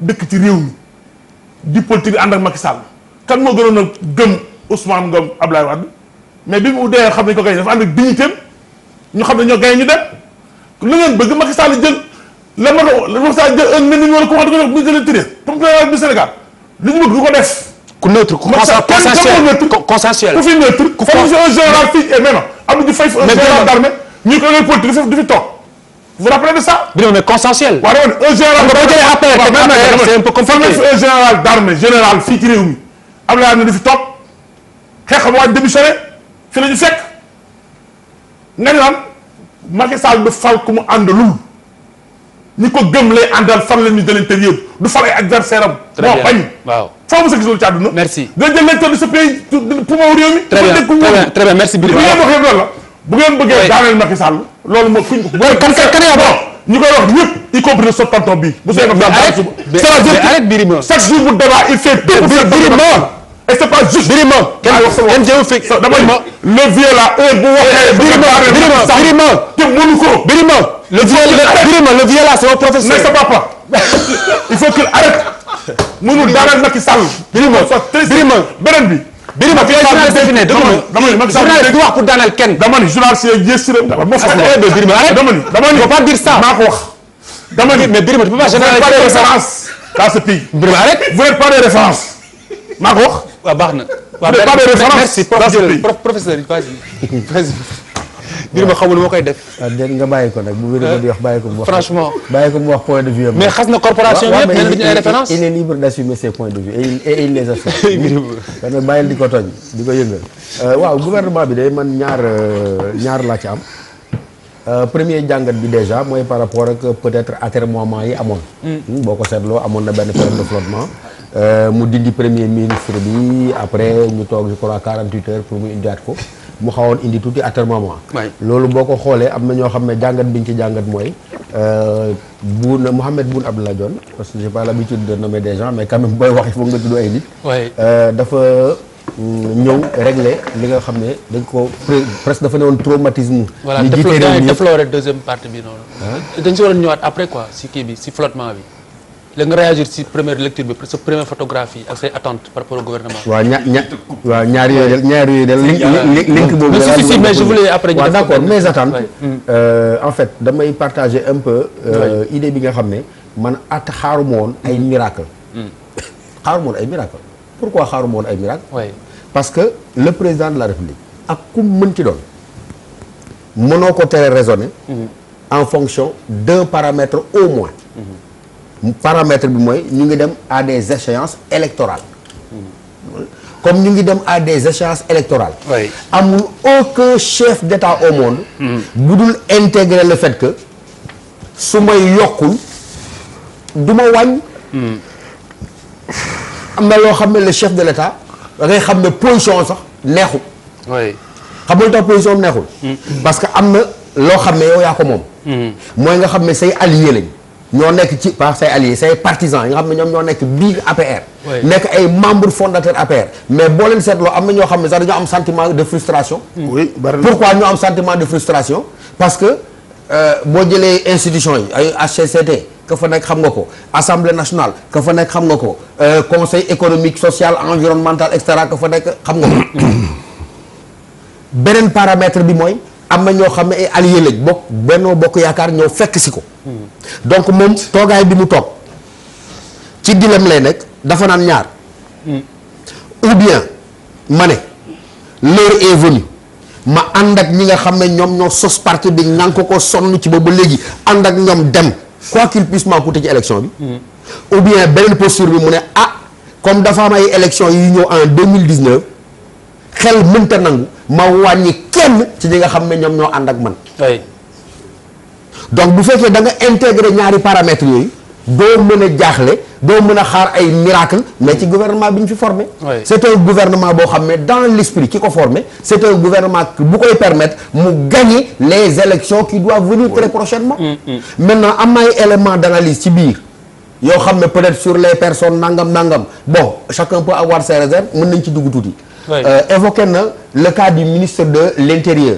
dëkk ci réew mi di politique ànd ak Macky Sall kan moo gënoon a gëm Ousmane Ngom Abdoulaye Wade mais bi mu dee xam nañ ko gañ dafa ànd ak dignité ñu xam ne ñoo gañ ñu de lu ngeen bëgg Macky Sall jël la ma la Macky Sall jël un minute wala ko wax dëgg yàlla bu ñu jëlee tëddee comme président du Sénégal li ñu bëgg du ko def. ku neutre ku consensuel ku fi neutre ku un général fii et eh, maintenant Abdou Diouf Faye un général d'armée ñu ko ngay politique du du fi toog vous rappelez de ça. bi mais consensuel. waaw général d'armée général fii ci réew mi Abdoulaye na du fi toog xeexam waa démissionné fi la ñu fekk nga ñu naan Macky Sall du fal ku mu àndalul. ñi ko gëm lay àndal fal la ministre de l'intérieur du fal ay adversaire am. très bien bañ. waaw foo mu sa gisul ci àdduna. merci nga jël lecteur de ce pays poumon réew mi. très bien très bien merci Birima wax loolu la. bu ngeen bëggee daaneel Macky Sall loolu moo fuñ. loolu kan kan yaa bon ñu koy wax ñëpp y compris son tonton bi. bu seen ak daal Birima chaque jour bu débat il fait tout pour Birima et c'est pas juste. Birima kenn jéem a fekk sa dama le vieux là heure bu waxee. Birima Birima te mënu ko Birima. le viol le viol là c'est un professeur. mais sa papa il faut qu'il arrête. mënul daanal Macky Sall. Birima Birima beneen bi. Birima fi ne du wax pour daanal kenn. dama ni journaliste yeeg yées si la. dama ni eh, faut pas dire ça. maa ko wax. dama ni mais Birima tu peux pas généraliser. vous n'êtes pas des références dans ce pays. Birima arrête. vous n'êtes pas des références. maa ko wax. waaw baax na. vous n'êtes pas des références. merci professeur professeur mbir ma xamul moo koy def. waaw ah, dégg nga bàyyi ko nag bu wér di wax bàyyi ko mu wax. franchement bàyyi point de vue am. mais xas na corporation bi yëpp nee nañu di ko tooñ di ko yëngal. Euh, waaw gouvernement bi day man ñaar euh, ñaar laa ci am euh, premier jàngat bi déjà mooy par rapport ak peut-être atermoiements yi amoon. Mm. Hmm, boo ko seetloo amoon na benn période de mu dindi premier ministre bi après ñu toog je crois 48 heures pour mu indiwaat ko. mu xawoon indi tuuti atermoiement loolu boo ko xoolee am na ñoo xam ne jàngat biñ ci jàngat mooy euh, Boun Mouhamed Boun Abdallah Dionne parce que j'ai pas l'habitude de nommer des gens mais quand même booy wax il faut nga tudd ay nit euh, dafa mm, ñëw régler li nga xam ne dañ ko presque dafa ne woon traumatisme voilà defloo rek deuxième partie bi noonu dañ si waroon ñëwaat après quoi si kii bi si flottement bi léegi nga réagir si première lecture bi sa première photographie ak say waaw ña ñaar yooyu de ñaar yooyu de. link link boobu si si mais je euh, en fait damay partager un peu. Euh, idée bi nga xam ne man at xaaruma woon ay mm. miracle. Mm. xaaruma ay miracle. pourquoi xaaruma woon ay miracle. parce que le président de la république. ak ku mën ci doon. mënoo ko tere raisonner. Mm-hmm. en fonction d'un paramètre au moins. Mm-hmm. paramètre bi mooy ñu ngi dem à des échéances électorales comme ñu ngi dem à des échéances électorales amul aucun chef d'État au monde bu dul intégrer le fait que su may yokkul du ma am na loo xam ne le chef de l'État da ngay xam ne position sax neexul xam nga tax position neexul mm. parce que am na loo xam ne yow yaa ko moom mm. mooy nga xam ne say allié lañ ñoo nekk ci pas say alliés say partisans yi nga xam ne ñoom ñoo nekk biir APR. nekk ay membre fondateurs APR. mais boo leen seetloo am na ñoo xam ne sax dañoo am sentiment de frustration. oui pourquoi ñu am sentiment de frustration. parce que euh, boo jëlee institution yi ay HCCT ka fa nekk xam nga ko assemblée nationale ka fa nekk xam nga ko euh, conseil économique social environnemental et cetera ka fa nekk xam nga ko mm. beneen paramètre bi mooy. am na ñoo xam ne ay alliés lañ bokk bennoo bokk yaakaar ñoo fekk si ko. donc moom toogaay bi mu toog ci dilem lay nekk dafa naan ñaar. ou bien ma ne l'heure est venue ma ànd ak ñi nga xam ne ñoom ñoo sos parti bi nank ko ko sonn ci ba ba léegi ànd ak ñoom dem quoi qu'il puisse ma coûter bi. ou bien beneen posture bi mu ne ah comme dafa am ay élection yu ñëw en mille dix-neuf xel mënta nangu ma wàññi kenn ci ñi nga xam ne ñoom ñoo ànd ak man donc bu fekkee da nga intégré ñaari paramètres yooyu doo mën a jaaxle doo mën a xaar ay miracle mais ci gouvernement bi ñu fi formé c' est un boo xam ne dans l' esprit ki ko formé c' koy permettre mu gagner les élections qui doivent venir très prochainement mm, mm. maintenant am na ay éléments d' analyse ci biir yoo xam ne peut-être sur les personnes nangam nangam bon chacun peut avoir ses réserves mën nañ ci dugg tuuti Euh, évoqué na le cas du ministre de l'intérieur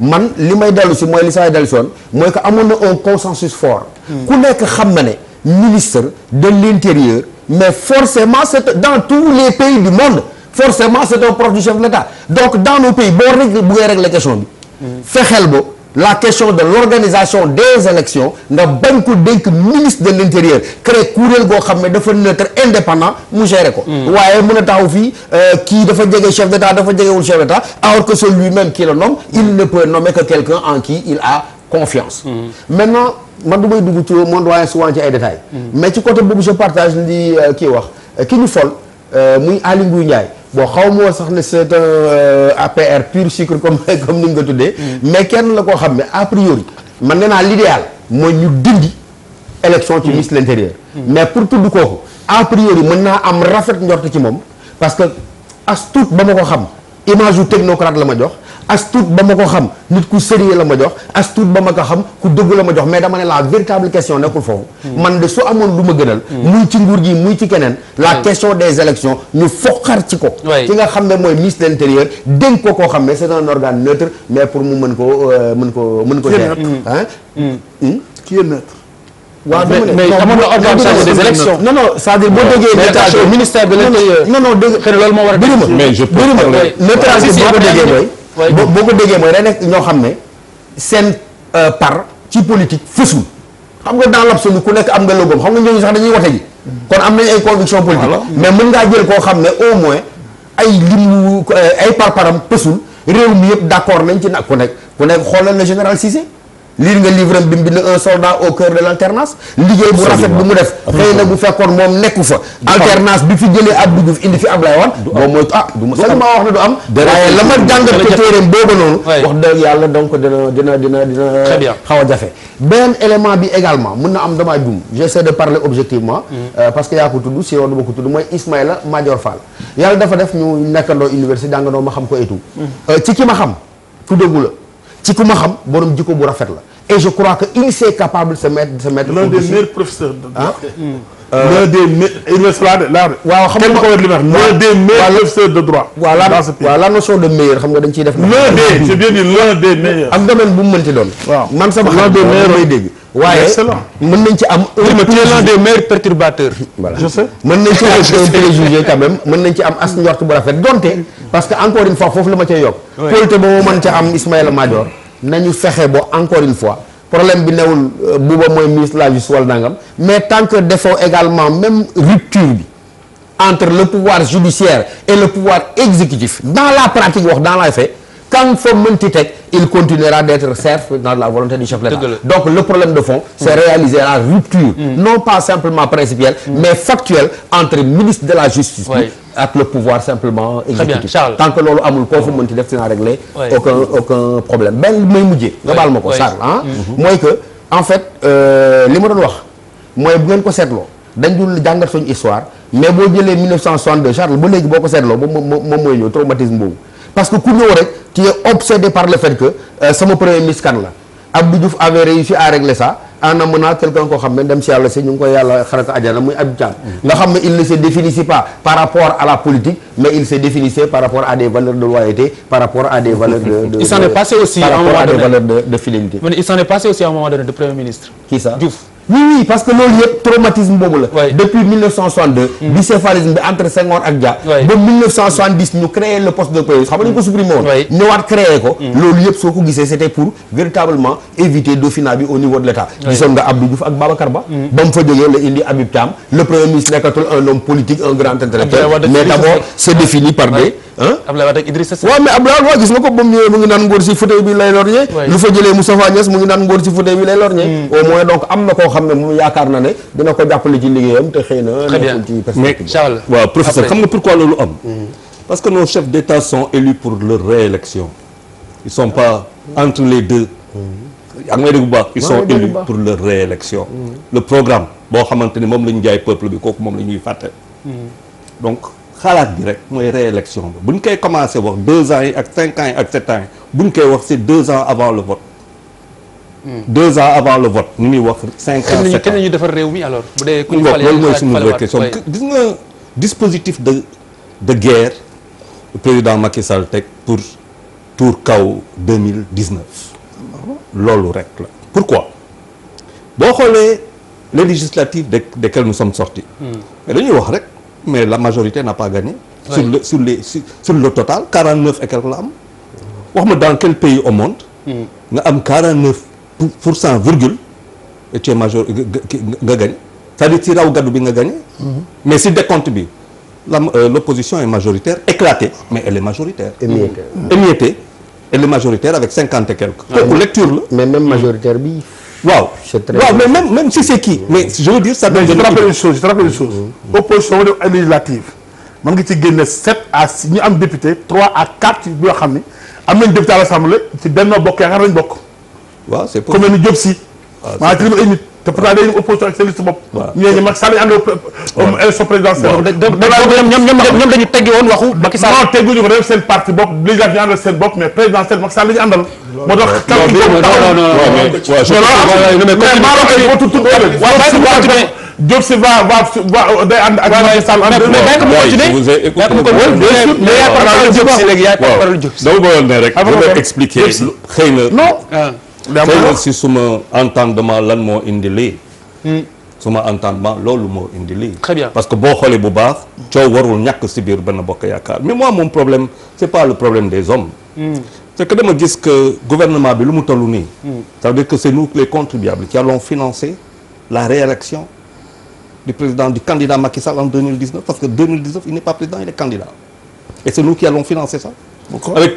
man li may dellu si mooy li samay dellu si woon mooy que amoon na un consensus fort hmm. ku nekk xam na ne ministre de l'intérieur mais forcément c'est dans tous les pays du monde forcément c'est un proche du chef de l'État donc dans nos pays boo rek buggee régler question bi hmm. fexeel ba la question de l'organisation des élections nga bañ ko dénk ministre de l'intérieur créé kuréel goo xam ne dafa neutre indépendant mu géré ko hmm. waaye mën a taxaw fii euh, kii dafa jege chef d'état dafa jegewul chef d'état alors que c'est lui-même qui le nomme il ne peut nommer que quelqu'un en qui il a confiance mmh. maintenant man du may dugg ci mon doyen souvent ci ay détails hmm. mais ci côté boobu je partage li euh, kii wax euh, ki ñu fol muy Aly Ngouille Ndiaye boo xaw ma sax ne c'est un euh, APR pur sucre comme comme ni nga ko tuddee. mais kenn la koo xam ne a priori. man nee naa l'idéal mooy ñu dindi. élection ci ministre de l'intérieur. mais pour tudd kooku a priori mën naa am rafet njort ci moom parce que as tuut ba ma ko xam image yu technocrate la ma jox. astuut ba ma ko xam nit ku sérieux la ma jox astuut ba ma ko xam ku dëgg la ma jox mais dama ne la véritable question nekkul foofu man de su amoon lu ma gënal muy ci nguur gi muy ci keneen la question des élections ñu foqar ci ko ki nga xam ne mooy ministre de l'intérieur dénk ko koo xam ne c'est un organe neutre mais pour mu mën ko mën ko mën ko gérer hein qui est neutre waaw mais mais amoon na organisation des élections non non c'est-à-dire boo ministère de l'intérieur non non dégg xëy na loolu moo war a. mais boo ko déggee mooy day nekk ñoo xam ne seen euh, par ci politique fësul xam nga dans l'absolu ku nekk am nga logoom xam nga ñooñu sax dañuy wote ji kon am nañ ay conviction politique mais mën ngaa jël koo xam ne au moins ay limu ay parparam pësul réew mi yëpp d'accord nañ ci nag ku nekk ku nekk xoolal le général Cissé liir nga livre am bi mu bind un soldat au cœur de l' liggéey bu rafet bi mu def xëy na bu fekkoon moom nekku fa alternance bi fi jëlee Abdou Diouf indi fi Ablaye Wade boobu mooy ah du ma wax du am waaye la ma jàngat ko téeréem booba noonu wax dëgg yàlla donc dina dina xaw a jafe benn élément bi également mën na am damaa jum j'essaie de parler objectivement mm-hmm. euh, parce que yaa ko tudd si yow du ma ko tudd mooy Ismaïla Madior Fall yàlla dafa def ñu nekkandoo université jàngandoo ma xam ko et mm-hmm. euh, ci ki ma xam ku déggu la ci ku ma xam borom jikko bu rafet la et je crois que il s'est capable de se mettre de se mettre. l'un des meilleurs de ah? droit. Hmm. Euh, waaw xam nga ko wër li ma wax. l'un des meilleurs professeurs de droit. dans de meilleur xam nga dañ ciy def. l'un des hmm. c'est bien dit l'un bu mu mënti doon. waaw man sama xam. l'un des meilleurs dégg. waaye mën nañ ci am un préjugé des meilleurs perturbateurs voilà je sais mën nañ ci am un mën nañ ci am as njort bu rafet donte parce que encore une fois foofu la ma cay yokk kóolute ba moo mën ca am Ismaïla Madior nañu fexe ba encore une fois problème bi newul euh, Bouba mooy ministre la justice wala nangam mais tant que defoo également même rupture bi entre le pouvoir judiciaire et le pouvoir exécutif dans la pratique wax dans les faits quand foo mënti teg il continuera d'être serf dans la volonté du chef de l'État donc le problème de fond c'est réaliser la rupture mm. non pas simplement principielle mm. mais factuelle entre ministre de la justice bi ak le pouvoir simplement exécutif tant que loolu amul koo fa mënti def dina régler aucun problème benn may mujjee nga baal ma ko Charles ah mooy que en fait euh, li ma doon wax mooy bu ngeen ko seetloo dañ dul jàngat suñu histoire mais boo jëlee Charles boo parce que ku ñëw rek tu es obsédé par le fait que euh, sama premier ministre kan la Abdou Diouf avait réussi à régler ça en amenant quelqu'un koo xam ne dem si yàlla si ñu ngi koy yàlla xaraka ajana muy Abdou Thiam mm. nga xam ne il ne se définissait pas par rapport à la politique mais il se définissait par rapport à des valeurs de loyauté par rapport à des valeurs de il s'en est il s'en est aussi à un moment donné premier ministre qui oui oui parce que loolu yëpp traumatisme boobu la. depuis 1962. Mm-hmm. bicéphalisme bi entre Senghor ak Dia. ba ñu créé le poste de PO xam nga ko supprimé woon. oui ñëwaat créé ko. Mm-hmm. loolu yëpp soo ko gisee c' pour véritablement éviter dauphinat bi au niveau de l' état. gisoon nga Abdou Diouf ak Babacar Ba. Mm-hmm. ba mu fa jógee la indi Habib Thiam le premier ministre nekkatul un homme politique un grand intellectuel mais d' abord défini par des. Abdoulaye waaw mais Abdoulaye Wade gis nga ko ba mu mu ngi naan ngóor si fauteuil bi lay lorñee lu fa jëlee Moustapha Niass mu ngi naan ngóor si fauteuil bi lay lorñee hmm. au moins donc am na koo xam ne moom yaakaar na ne dina ko jàppale ci liggéeyam te xëy na nekkul ci perspective waaw professeur xam nga pourquoi loolu am hmm. parce que nos chefs d'État sont élus pour leur réélection ils sont pas entre les deux hmm. yaa ngi may dégg bu baax ils sont élus pour leur réélection le programme boo xamante ni moom la ñu jaay peuple bi kooku moom la ñuy fàtte donc xalaat bi rek mooy réelection bi bu ñu koy commencé wax deux ans yi ak cinq ans yi ak sept ans yi bu ñu koy wax c'est deux ans avant le vote. Hmm. deux ans avant le vote ñu ngi wax cinq ans sept ans kenn ñu defar réew mi alors. bu dee ku ñu fal loolu mooy suñu vraie question gis nga dispositif de de guerre président Macky Sall teg pour tour kaw 2019 loolu rek la pourquoi boo xoolee le législatives de desquelles nous sommes sortis hmm. mais dañuy wax rek. mais la majorité n'a pas gagné. Oui. sur le sur les sur, sur le total 49 et quelque la am. wax ma dans quel pays au monde. Hmm. nga am 49 pour cent virgule. et tu es nga gagné c'est-à-dire ci raw gaddu bi nga gagné. Hmm. mais si décompte bi la euh, l'opposition est majoritaire éclatée mais elle est majoritaire. émiettée émiettée elle est majoritaire avec cinquante et quelque. Ah lecture la bi. waaw waaw mais même même si c'est qui mm. mais je veux dire ça mais je te rappelle une chose mm. opposition ma def législative mën nga ci génne 7 à 6 ñu am député 3 à 4 bi nga xam ne am nañ député à l'Assemblée ci Benno Bokk Yaakaar lañ bokk waaw c'est comme ni Diop si waaw ah, maa ngi te pourtant dañuy opposition ak seen liste bopp. waaw ñooñu Macky Sall ànd ak élection présidentielle. waaw ñoom ñoom dañu teggi woon waxu. Macky Sall non tegguñu ko dañu seen parti bopp législative ñu àndal seen bopp mais présidentielle Macky Sall la ñu àndal. moo tax kàddu gi boobu taxul non non non non Diop si va va va day ànd ak. Macky Sall ànd mais mais ko continué ko continué mais yaa ko xëy na si suma entendement lan moo indi lii hmm. suma entendement loolu moo indi lii très parce que boo xoolee bu baax coow warul ñàkk si biir benn bokk yaakaar mais moi mon problème c'est pas le problème des hommes mm. c'est que dama gis que gouvernement bi lu mu tollu nii ça hmm. veut dire que c'est nous les contribuables qui allons financer la réélection du président du candidat Macky Sall en 2019 parce que 2019 il n'est pas président il est candidat et c'est nous qui allons financer ça Pourquoi? avec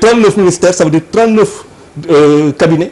euh, cabinets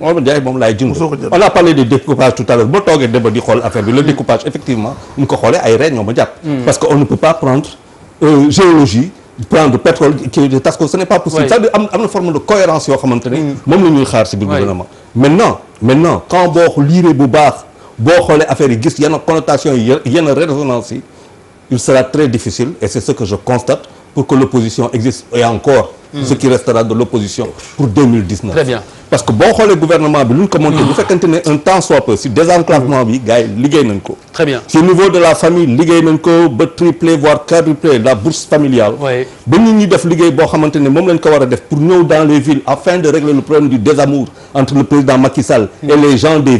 moom Ndiaye moom laay on a parlé de découpage tout à l'heure ba toogee débat di xool affaire bi le découpage effectivement ñu ko xoolee ay reen ñoo ma jàpp. Hmm. parce que on ne peut pas prendre euh, géologie. prendre pétrole ce n'est pas possible. c'est-à-dire na forme de cohérence yoo xamante ne. Hmm. moom la ñuy xaar ci biir gouvernement. maintenant maintenant quand boo liiree bu baax boo xoolee affaire yi gis yenn connotation yi yenn résonance yi il sera très difficile et pour que l'opposition existe et encore mm. ce qui restera de l'opposition pour 2019 très bien parce que boo xoolee gouvernement bi lu ñu ko monté hmm. un temps soit peu si désenclavement bi gars yi liggéey nañ ko très bien de la famille liggéey nañ ko ba triplé voire quadruplé la bourse familiale ba nit ñi def liggéey boo xamante ne moom dans les villes afin de régler le problème du désamour entre le président Macky hmm. et les gens des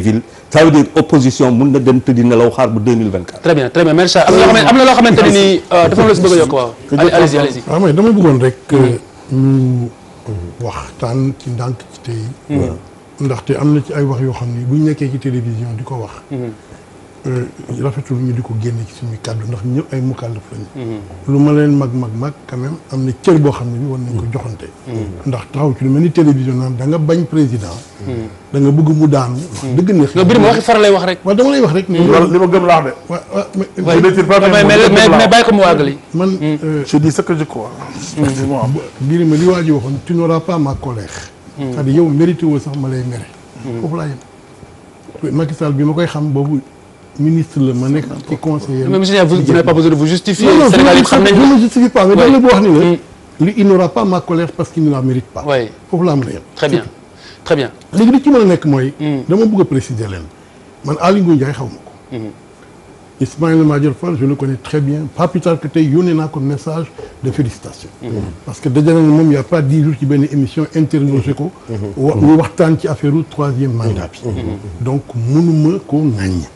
ça veut dire opposition mun na dem tëddi nelaw xaar bu 2024. très bien très bien merci am na loo xamante ne nii euh, dafa am lu si bëgg a yokk waaw. allez-y allez-y. waaw mais damay bëggoon rek mm. ñu waxtaan ci ndànk ci tey. Mm. ndaxte am na ci ay wax yoo xam ne bu ñu nekkee ci télévision di ko wax. Mm-hmm. Euh, rafetul ñu di ko génne ci suñuy kàddu ndax ñëpp ay mukallaf lañu. Mhm. lu ma leen mag mag mag quand même am na cër boo xam ne bi war nañ ko mhm. joxante. Mhm. ndax taxaw ci lu mel ni télévision naan da nga bañ président. da nga bëgg mu daanu. dëgg neex nga bir ma waxi far lay ma gëm laax de. waaw waaw mais mais mais bàyyi ko mu waagali. man euh, je dis ce que je crois. biir ma li waa ji waxoon tu n'auras pas ma colère. cest à yow mérité sax ma lay mere. foofu laa yem. Macky bi ma koy xam boobu. ministre la ma nekk ci conseiller. mais ne justifie pas mais dama la wax ni la. Mm. lui n'aura pas ma colère parce qu'il ne la mérite pas. oui foofu laa mën a yem. très ci mën a nekk mooy. Mm. dama bëgg a préciser leen man Aly Ngouille Ndiaye xaw ma ko. Mm-hmm. Ismaïla Madior Fall je le connais très bien pas plus tard que tey yónnee naa message de félicitation. Mm-hmm. parce que dajale na moom y' a pas dix jours ci benn émission interrogé ko. Mm-hmm. wa waxtaan ci affaire troisième mandat bi. donc mënuma koo ŋaññi.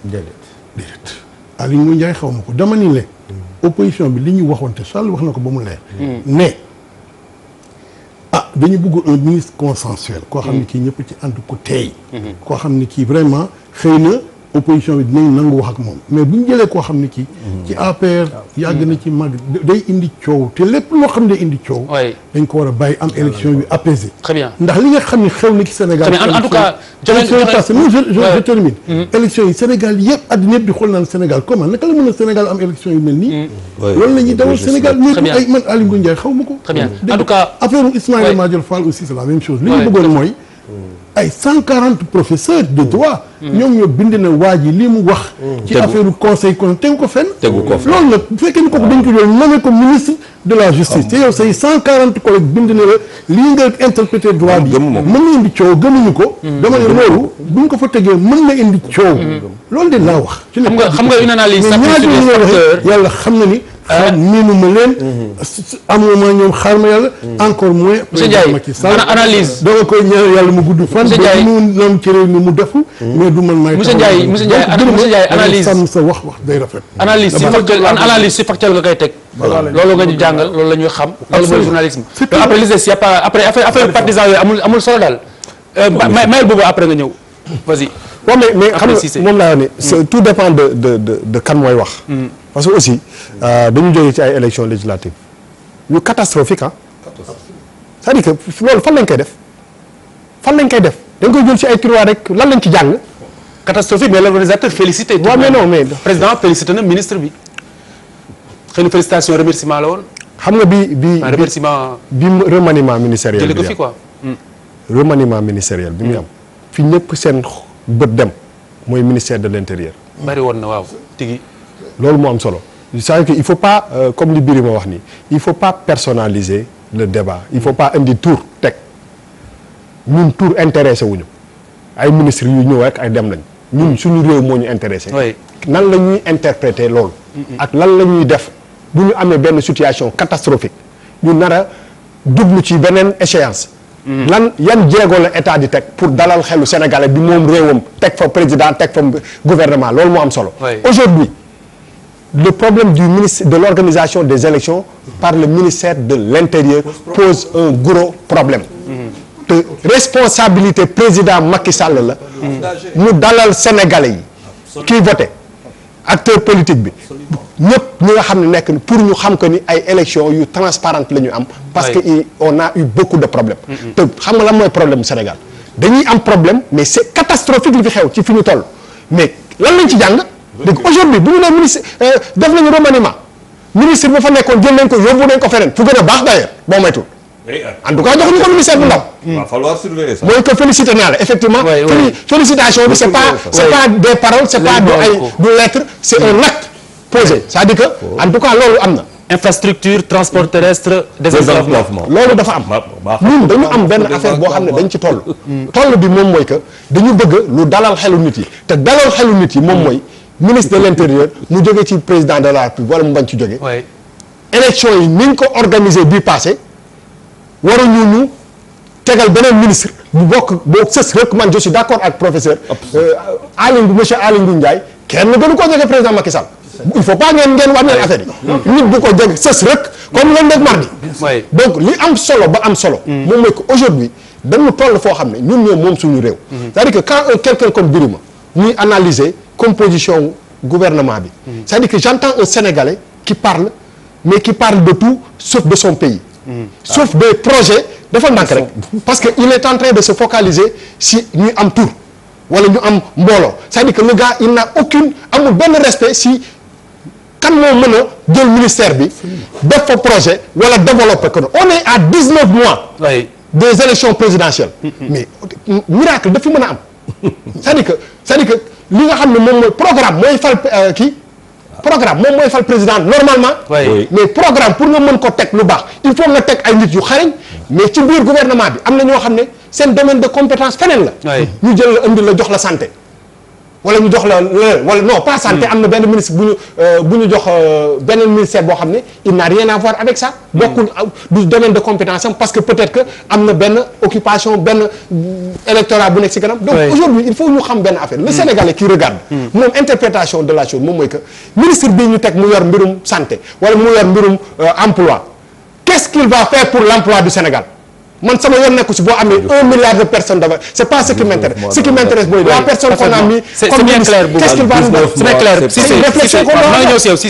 déedéet Aliou mu Ndiaye xaw ma ko dama ni le opposition bi li ñu waxoon te Sall wax na ko ba mu leer. Mm. ne ah dañu bëgg un ministre consensuel. koo xam ne mm. kii ñëpp ci ànd ko teey mm-hmm. koo xam ne kii vraiment xëy na. opposition bi dinañ nangu moom mais bu ñu jëlee koo xam ne ci APR yàgg na ci mag day indi coow te lépp loo xam ne indi coow. dañ ko war a bàyyi am élection yu apaisée. très bien ndax li nga xam ne xew na ci Sénégal. en tout cas élection yi passé non je je termine. Mm-hmm. élection yi Sénégal yëpp àddina yëpp di xool naan Sénégal comment naka la mën a Sénégal am élection yu mel nii. Mm-hmm. loolu la ñuy dawal Sénégal ñëpp ay man Aliou Ngouille Ndiaye xaw ma ko. très bien en tout cas affaire aussi la même chose. li ñu bëggoon mooy ay cent quarante professeurs de droit. ñoom ñoo bind na waa ji lii mu wax. ci affaire conseil kon tegu ko fenn. tegu ko fenn loolu nag bu fekkee ni ko doon nommé ko ministre de la justice. Ah. te yow say cent quarante collègues bind na la lii nga interprété droit bi. mën na indi coow gëmuñu ko. Hmm. dama ne loolu buñ ko fa tegee mën na indi hmm. loolu de laa wax. ci la xam nga xam nga une analyse. mais ñaari yàlla xam na ni. miinuma leen. Mm-hmm. amuma ñoom xaar ma yàlla. Mm-hmm. encore moins. président Macky Sall analyse. dama koy ñaan yàlla mu gudd fan. monsieur Ndiaye mu nam ci réew mu defu. Mm-hmm. mais du man may. monsieur Ndiaye monsieur Ndiaye analyse sàmm sa wax wax day rafet. analyse si factuel nga koy teg. loolu nga ñu jàngal loolu la ñuy xam. loolu mooy journalisme. après li des y' a pas après affaire partisan yooyu amul solo daal. Euh, mayel boobu après nga ñëw vas waaw mais mais xam nga moom laa wax ne mm. tout dépend de de de kan mooy wax. Mm. parce que aussi dañu euh, jógee ci ay élections législatives yu catastrophique ah. catastrophique c'est-à-dire loolu fan lañ koy def fan lañ koy def dañ koy jël ci ay tiroir rek lan lañ ci jàng. catastrophique mais l'organisateur félicité. waaw mais non mais président félicité na ministre bi xëy na félicitation la woon. xam nga bi bi remerciement bi remaniement ministériel. bi am jëlee ko fi quoi. Mm. remaniement ministériel bi muy am fi ñëpp seen. bët dem mooy ministère de l' intérieur. bari woon na waaw tigi. loolu moo am solo c'est-à-dire que il faut pas euh, comme li Birima wax nii il faut pas personnaliser le débat il faut pas indi tour teg ñun tour intéressé wuñu ay ministres yu ñëw rek ay dem lañ ñun suñu réew moo ñu intéressé. nan la ñuy interpréter loolu. ak lan la ñuy def bu ñu amee benn situation catastrophique ñu nar a jublu ci beneen échéance. lan yan jéego la état di teg pour dalal xelu sénégalais bi moom réewam teg fa président teg fa gouvernement loolu moo am solo aujourd'hui le problème du ministre de l'organisation des élections par le ministère de l'intérieur pose un gros problème mm-hmm. te responsabilité président Macky Sall la mm-hmm. mu dalal sénégalais yi kii voté acteur politique bi ñëpp ñi nga xam ne nekk pour ñu xam que ni ay élection yu transparente la ñu am parce que on a eu beaucoup de problème te xam nga lan mooy problème Sénégal dañuy am problème mais c'est catastrophique li fi xew ci fi ñu toll mais lan lañ ci jàng dégg aujourd'hui bu ñu nee ministre euh, def nañu ma ministre ba fa nekkoon jël nañ ko yóbbu nañ ko fereen fu gën a baax d'ailleurs boo moytul Eh, eh. en tout cas jox ñu ko ministère bu ndaw. va hmm. falloir mooy que félicité naa la effectivement. félicitation bi c' est pas c' est pas des paroles c' est pas du ay du lettre c' est un acte posé c' est à dire que oh. en tout loolu am na. infrastructure dafa am. ñun dañu am benn affaire boo xam ne dañ ci toll. Hmm. toll bi moom mooy que dañu bëgg lu dalal xelu nit yi te dalal xelu nit yi moom hmm. mooy. ministre de l' mu jóge ci président de la République wala mu bañ ci jóge. élection yi ni ñu ko organisé bii passé waruñu ñu tegal beneen ministre bu bokk boo sës rek man je suis d'accord ak professeur. Euh, Aliou monsieur Aliou Ngouille Ndiaye kenn gënu koo jege président Macky Sall. il faut pas ngeen ngeen war leen affaire yi. nit bu ko jege sës rek. comme lundi ak mardi. donc li am solo ba am solo. Mm. moom mooy que aujourd'hui dañu toll foo xam ne ñun ñoo moom suñu réew. Mm-hmm. c'est-à-dire que quand quelqu'un comme Birima ñuy analyser composition gouvernement bi. Mm-hmm. c'est-à-dire que j'entends un Sénégalais qui parle mais qui parle de tout sauf de son sauf des projets dafa ndànk rek parce que il est en train de se focaliser si ñu am tour wala ñu am mbooloo c'est-à-dire que le gars il n'a aucune amul benn respect si kan moo mën a jël ministère bi def fa projet wala développer ko on est à 19 mois des élections présidentielles mais miracle dafa mën a am c'est-à-dire que li nga xam ne moom programme mooy fal euh, kii programme moom mooy fal président normalement. Oui. mais programme pour nga mën ko teg lu baax il faut nga teg ay nit yu xarañ. mais ci biir gouvernement bi am na ñoo xam ne seen domaine de compétence feneen la. ñu jël la indi la jox la santé. wala ñu jox la wala non pas santé hmm. am na benn ministre bu ñu euh, bu ñu jox euh, benn ministère boo xam ne il n'a rien à voir avec ça hmm. bokkul euh, du domaine de compétence am parce que peut-être que am na benn occupation benn électorat bu nekk ci kanam donc aujourd'hui il faut ñu xam benn affaire le hmm. Sénégalais qui regarde moom interprétation de la chose moom mooy que ministre bi ñu teg mu yor mbirum santé wala mu yor mbirum emploi qu'est-ce qu'il va faire pour l'emploi Sénégal man sama yoon nekku si boo amee un milliard de personnes d'abord c'est pas ce a mis comme qu'est-ce qu'il c'est clair si hmm. hmm. c'est réflexion qu'on doit ñëw ci yow si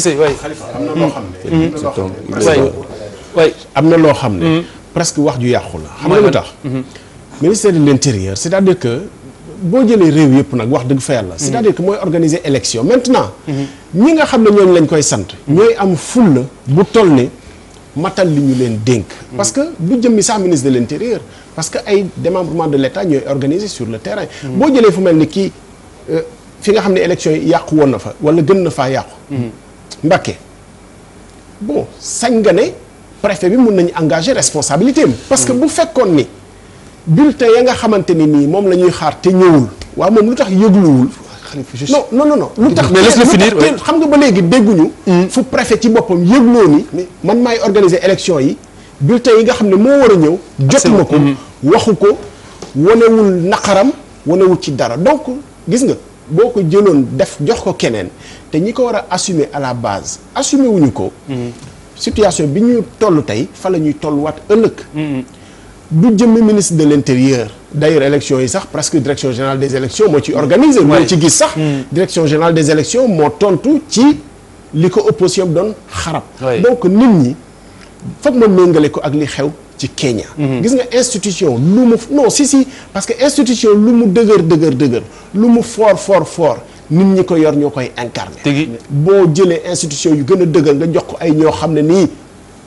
am na loo xam ne hmm. presque wax ju yàqu la xam nga lu tax ministère de l'intérieur c'est-à-dire que boo jëlee réew yëpp nag wax dëgg fa yàlla c'est-à-dire que mooy organiser élection maintenant ñi nga xam ne ñooñu lañ koy sant ñooy am fulla bu toll ni matal li ñu leen dénk. parce que du jëmmi sax ministre de l' parce que ay démembrement de l' état ñooy organisé sur le terrain. boo jëlee fu mel ni kii euh, fi nga xam ne élection yàqu woon na fa wala gën na faa yàqu. Mm-hmm. Mbacké bon sañ nga ne préfet bi mun nañu engager responsabilité parce que bu mm-hmm. fekkoon ni bulletin ya nga xamante ni nii moom la ñuy xaar te ñëwul waaw moom lu tax yëgluwul. xalifa juste non non lu tax mais laisse-le finir xam nga ba léegi dégguñu mm. fu préfet ci boppam yëgloo ni man maay organiser élection yi bulletin yi nga xam ne moo war a ñëw ma ko mm-hmm. waxu ko wanewul naqaram wanewul ci dara donc gis nga boo ko jëloon def jox ko keneen te ñi ko war a assumer à la base assumer wuñu ko mm-hmm. situation bi ñuy toll tey fa la ñuy tolluwaat ëllëg mm-hmm. du jëmmi ministre de l'intérieur d'ailleurs élection yi sax presque direction générale des élections moo ci organiser moo ci gis sax hmm. direction générale des élections moo tontu ci li ko opposition bi doon xarab donc nit ñi foog ma méngale ko ak li xew ci Kenya hmm. gis nga institution lu mu non si parce que institution lu mu dëgër dëgër dëgër lu mu foor fort fort nit ñi ko yor ñoo koy incarner boo jëlee institution yu gën a dëgër nga jox ko ay ñoo xam ne nii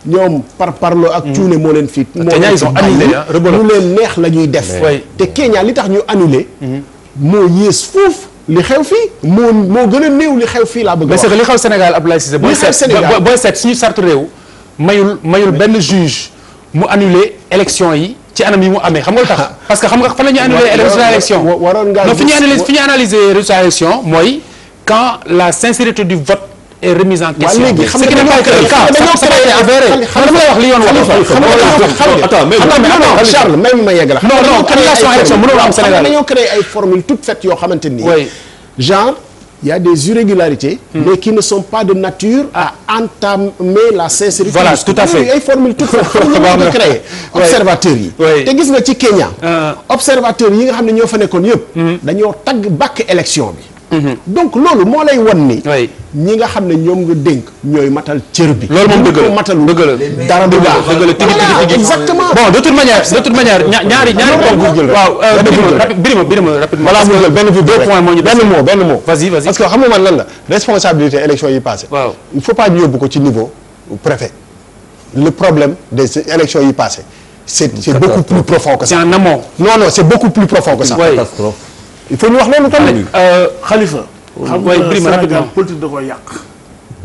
ñoom par parlo ak cuune moo leen fi moo lu leen neex la ñuy def te Kenya li tax ñu annulé mhm. moo yées foofu li xew fii moo moo gën a néew li xew fii laa bëgg mais c'est que li xew Sénégal Abdoulaye Cissé booy seet booy seet suñu charte réew mayul mayul benn juge mu annulé élection yi ci anam yi mu amee xam nga lu tax parce que xam nga fan la ñuy annulé élection waroon nga fi ñuy analyser fi ñuy élection mooy quand la sincérité du vote est remise en question. waaw léegi xam nga dañoo wax li yoon wax. xam nga Charles may ma yegg la. non non annulation élection mënul am Sénégal dañoo créé ay formules toutes faites yoo xamante ni. genre il y des irrégularités. Hmm. mais qui ne sont pas de nature à entamer la sincérité. voilà tout à fait ay formules toutes faites xam nga ñu ko créé. observateurs yi. te gis nga ci Kenya. Euh. observateurs yi nga xam ne ñoo fa nekkoon yëpp. Hmm. dañoo tagg bàkk élection bi. donc loolu moo lay won ni. ñi nga xam ne ñoom nga dénk ñooy matal cër bi. loolu moom dëgg la matalu dara du baax dëgg la tigi tigi tigi exactement bon de toute manière de toute manière ñaari ñaari ponk waaw euh, birima birima rapidement voilà nga jël benn bi deux points moo ñu benn mot benn mot vas-y vas-y parce que xam nga man lan la responsabilité élection yi passé waaw il faut pas ñu yóbbu ko ci niveau préfet le problème des élections yi passé c'est c'est beaucoup plus profond que ça c'est en amont non non c'est beaucoup plus profond que ça il faut ñu wax loolu tamit. xalifa euh, xam nga politique da yàq.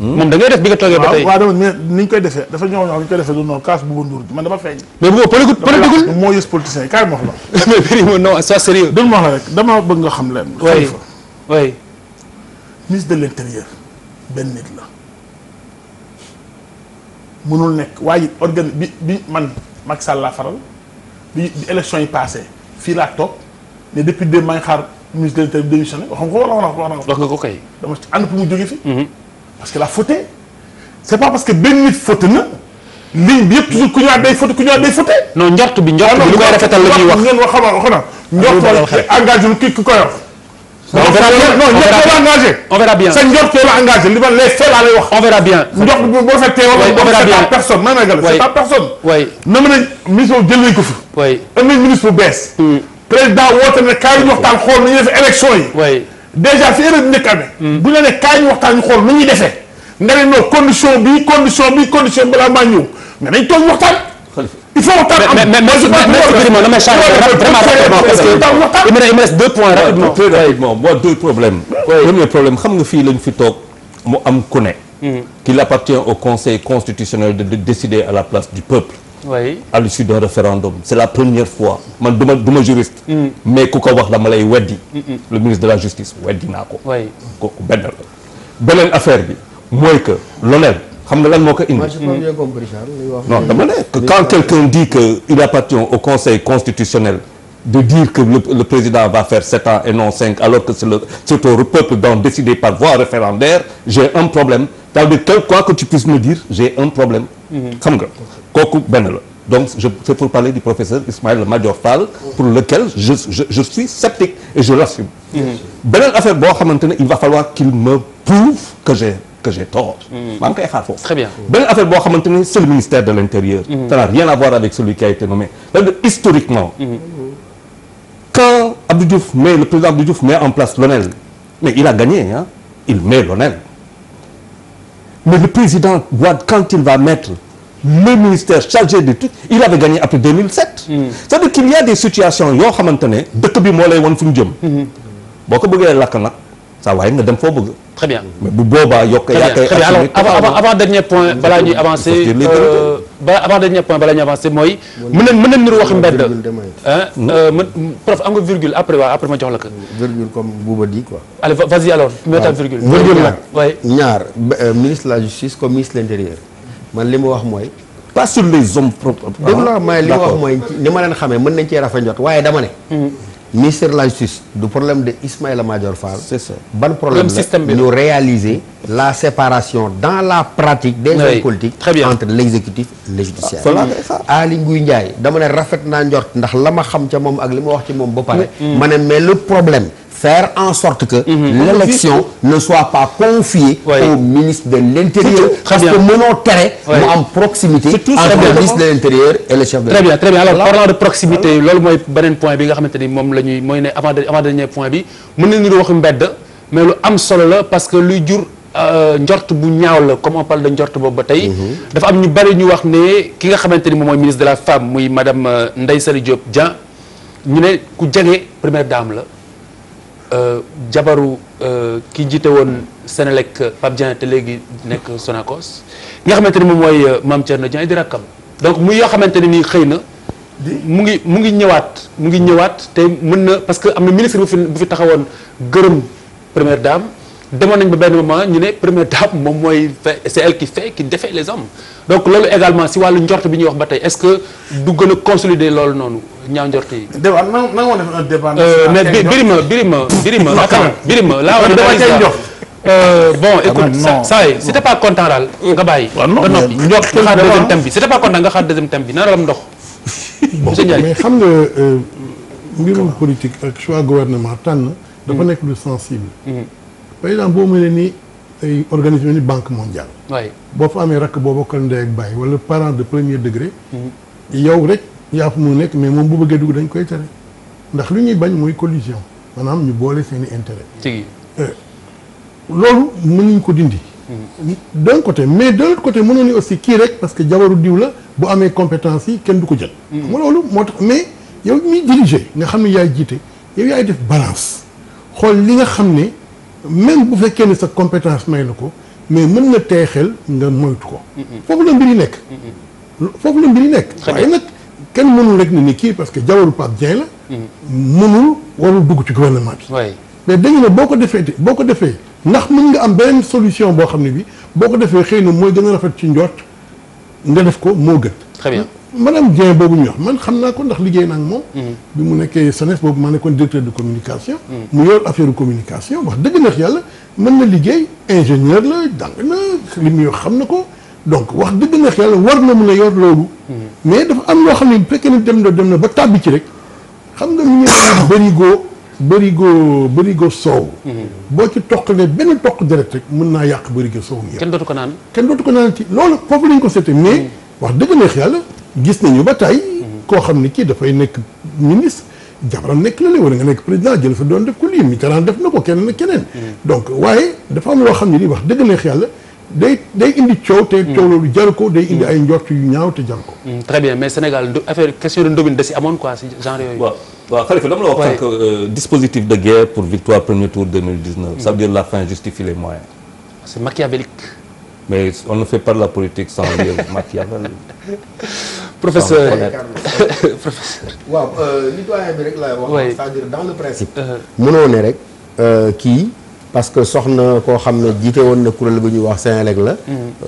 Hmm? da ngay def bi nga toogee ba tey waaw ni ñu koy defee dafa ñoo ñoo ñu koy defee du noonu kaas bu nduur man dama feeñ. mais bu moo yës politicien yi kaay ma wax dama wax xam leen. xalifa oui de l'intérieur benn la. mënul nekk waaye organ bi man Macky Sall faral bi élection yi passé fii laa toog. ne depuis deux maa ngi xaar ministre de l'Intérieur bi démissionné wax nga ko wala wax na ko. wax nga ko kay. dama ci ànd pour mu jógee fi. Mhm. parce que la faute c' est pas parce que benn nit faute na. ligne bi yëpp toujours ku ñëwaat day faute ku ñëwaat day faute. non njort bi njort bi lu koy rafetal la ñuy wax ngeen wax xamaa wax na. njort engagé lu kii ku koy wax. non njort la engagé. on verra bien sa njort la engagé li ma les faits laa lay wax. on verra bien njort bu boo fekkee wala boo fekkee pas personne. may ma gën a c' est pas personne. oui na ma ne ministre boobu jël nañ ko fi. oui am nañ ministre bu bees. Hmm. président woote ne kaay ñu waxtaan xool nu ñuy defee élection yi. déjà fi erreur bi njëkk hmm. bu ñu ne kaay ñu waxtaan ñu xool nu ñuy defee. nga condition bi condition bi condition bi balaa maa ñëw mais nañ toog waxtaan. il faut waxtaan am mais mais mais mais damay changer vraiment me il me deux problèmes. premier problème xam nga fii lañ fi toog mu am ku ne. Hmm. qu'il appartient au conseil constitutionnel de décider à la place du peuple. oui à l'issue d'un référendum c'est la première fois man du ma ma juriste mm. mais ku ko wax dama lay weddi mm, mm. le ministre de la justice weddi naa ko kooku benn la affaire bi mooy que l'ONEL xam nga lan moo ko indi non dama ne que quand quelqu'un dit que appartient au conseil constitutionnel de dire que le, le président va faire sept ans et non cinq alors que c'est le c'est au peuple par voie référendaire j'ai un problème cest que tu puisses me dire j'ai un problème mhm. xam nga kooku benn la donc je c'est pour parler du professeur Ismaïla Madior Fall pour lequel je, suis sceptique et je l'assume mhm. beneen affaire boo xamante ne il va falloir qu'il me prouve que j'ai tort. Mhm. très bien benn affaire boo xamante c'est le ministère de l'intérieur. ça n'a rien a été nommé. donc historiquement. Mm -hmm. Abdou Diouf met le président Abdou Diouf met en place l'ONEL mais il a gagné hein il met l'ONEL mais le président Wade quand va mettre le ministère chargé du truc il avait gagné après 2007 mm. c'est-à-dire qu'il y a des situations yoo xamante ne dëkk bi moo lay won fu ñu jëm hmm. boo ko bëggee lakk nag saa waaye nga dem foo bëgg. très bien mais yokk yaa koy. alors avant balaa ñuy avancer. mooy. mën na mën na niru euh, prof am nga virgule après waaw après ma jox la ko. virgule comme Bouba di quoi. allez ñaar euh, ministre la justice comme ministre l'intérieur man li ma wax mooy. pas sur les hommes propres. dégg nga ah, li ma wax mooy ni ma leen xamee mën nañ cee rafet waaye dama ne. Mhm. ministère la justice du problème de Ismaïla Madior Fall. c'est ça ban problème la ñu réaliser la séparation dans la pratique. de hommes politiques entre l'exécutif et le judiciaire. Ali Nguy Ndiaye dama ne rafet naa njor ndax la ma xam ca moom ak li ma wax ci moom ba mm. ma ne mais le problème. faire en sorte que mhm. l'élection ne soit pas confiée au ministre de l'Intérieur mu am proximité entre le ministre de l'Intérieur et le chef de très bien très bien alors parlant de proximité loolu mooy beneen point bi nga xamante ni moom la ñuy mooy ne avant avant dernier point bi mën na niru waxu mbedd mais lu am solo la parce que luy jur euh, njort bu ñaaw la comme on parle de njort boobu ba tey mhm. dafa am ñu bari ñu wax ne ki nga xamante ni moom mooy ministre de la femme muy madame euh, Ndeye Saly Diop Dia ñu ne ku jege première dame la Euh, jabaru euh, ki jiite woon Senelec Pape Dieng te léegi nekk Sonacos ki nga xamante ni moom mooy euh, Mame Thierno Dieng di rakkam donc muy yoo xamante ne nii xëy na mu ngi mu ngi ñëwaat mu ngi ñëwaat te mën na parce que am na ministre bu fi bu fi taxawoon gërëm première daam demoon nañ ba benn moment ñu ne première étape moom mooy c'est elle qui fait qui défait les hommes donc loolu également si wàllu njort bi ñuy wax ba tey est-ce que du gën loolu noonu ñaaw njort yi. débat na nga woon def un débat. Euh, mais bi Birima Birima Birima. attends Birima laa woon dama cay jox. Euh, bon ah, écoute ça ça y est c'était pas content daal nga bàyyi. waaw ah, non nga xaar deuxième thème bi c'était pas content nga xaar deuxième thème bi naan la ndox. mais xam nga euh, mbirum politique ak choix gouvernement tànn. dafa hmm. nekk lu sensible. Hmm. par exemple boo mënee ni ay organisme banque mondiale. waay boo fa amee rakk boo bokkal ndey wala parent de premier degré. Mm-hmm. yow rek yaa fa mu nekk mais moom bu bëggee dugg dañ koy tere ndax lu ñuy bañ mooy collision maanaam ñu boole seen i intérêt. Euh, loolu mënuñ ko dindi. Mm-hmm. d'un mais de l'autre côté mënoon ni aussi kii rek parce que jabaru diw la bu amee compétence yi kenn du ko jël. Mm-hmm. xam nga loolu moo tax mais yow miy diriger nga xam ne yaay jiite yow yaay def balance xool li nga xam ne. même bu fekkee ne sa compétence may na ko mais mën na teexel nga moytu ko. foofu la mbir yi nekk. foofu la mbir yi nekk. waaye nag kenn mënul rek ni ni kii parce que jawaru Pape Dieng la. mënul warul dugg ci gouvernement bi. mais dañu ne boo ko defee boo ko defee ndax mën nga am beneen solution boo xam ne bi boo ko defee xëy na mooy gën a rafet ci njort nga def ko moo gën. très bien. madame Dieng boobu ñu wax man xam naa ko ndax liggéey naa ak moom. Mm-hmm. bi mu nekkee SONES boobu maa nekkoon directeur de communication. Mm-hmm. mu yor affaire communication wax dëgg neex yàlla mën na liggéey ingénieur la jàng na li muy wax xam na ko donc wax dëgg neex yàlla war na mu a yor loolu. Mm-hmm. mais dafa am loo xam ne bu fekkee ne dem na dem na ba tàbbi ci rek xam nga mu ngi bërigo bërigo bërigo soow. boo ci toq ne benn toq direct rek mën naa yàq bërigo soow mi. kenn ko naan kenn dootu ko naan ci loolu foofu lañ ko seetee mais wax dëgg neex yàlla. gis nañu ba tay koo xam ne kii dafay nekk ministre jabaram nekk la le nga nekk président jël fa doon def ko lii Mitterrand def na ko keneen ak keneen. Mm. donc waaye dafa am loo xam ne nii wax dëgg neex yàlla. day day indi coow te mm. coow loolu jaru ko day indi mm. ay njort yu ñaaw te jaru ko. très bien mais Sénégal affaire question de ndóbin da si amoon quoi si genre yooyu. waaw waaw Khalifa dama la wax euh, dispositif de guerre pour victoire premier tour 2019. ça veut dire la fin justifie les moyens. mais on ne fait pas de la politique sans lieu Machiavel. professeur waaw euh, li doyen bi rek laay wax. c'est-à-dire dans le principe. Euh. mënoo ne rek euh, kii. parce que soxna koo xam ne jiite woon na la bi ñuy wax Senelec la.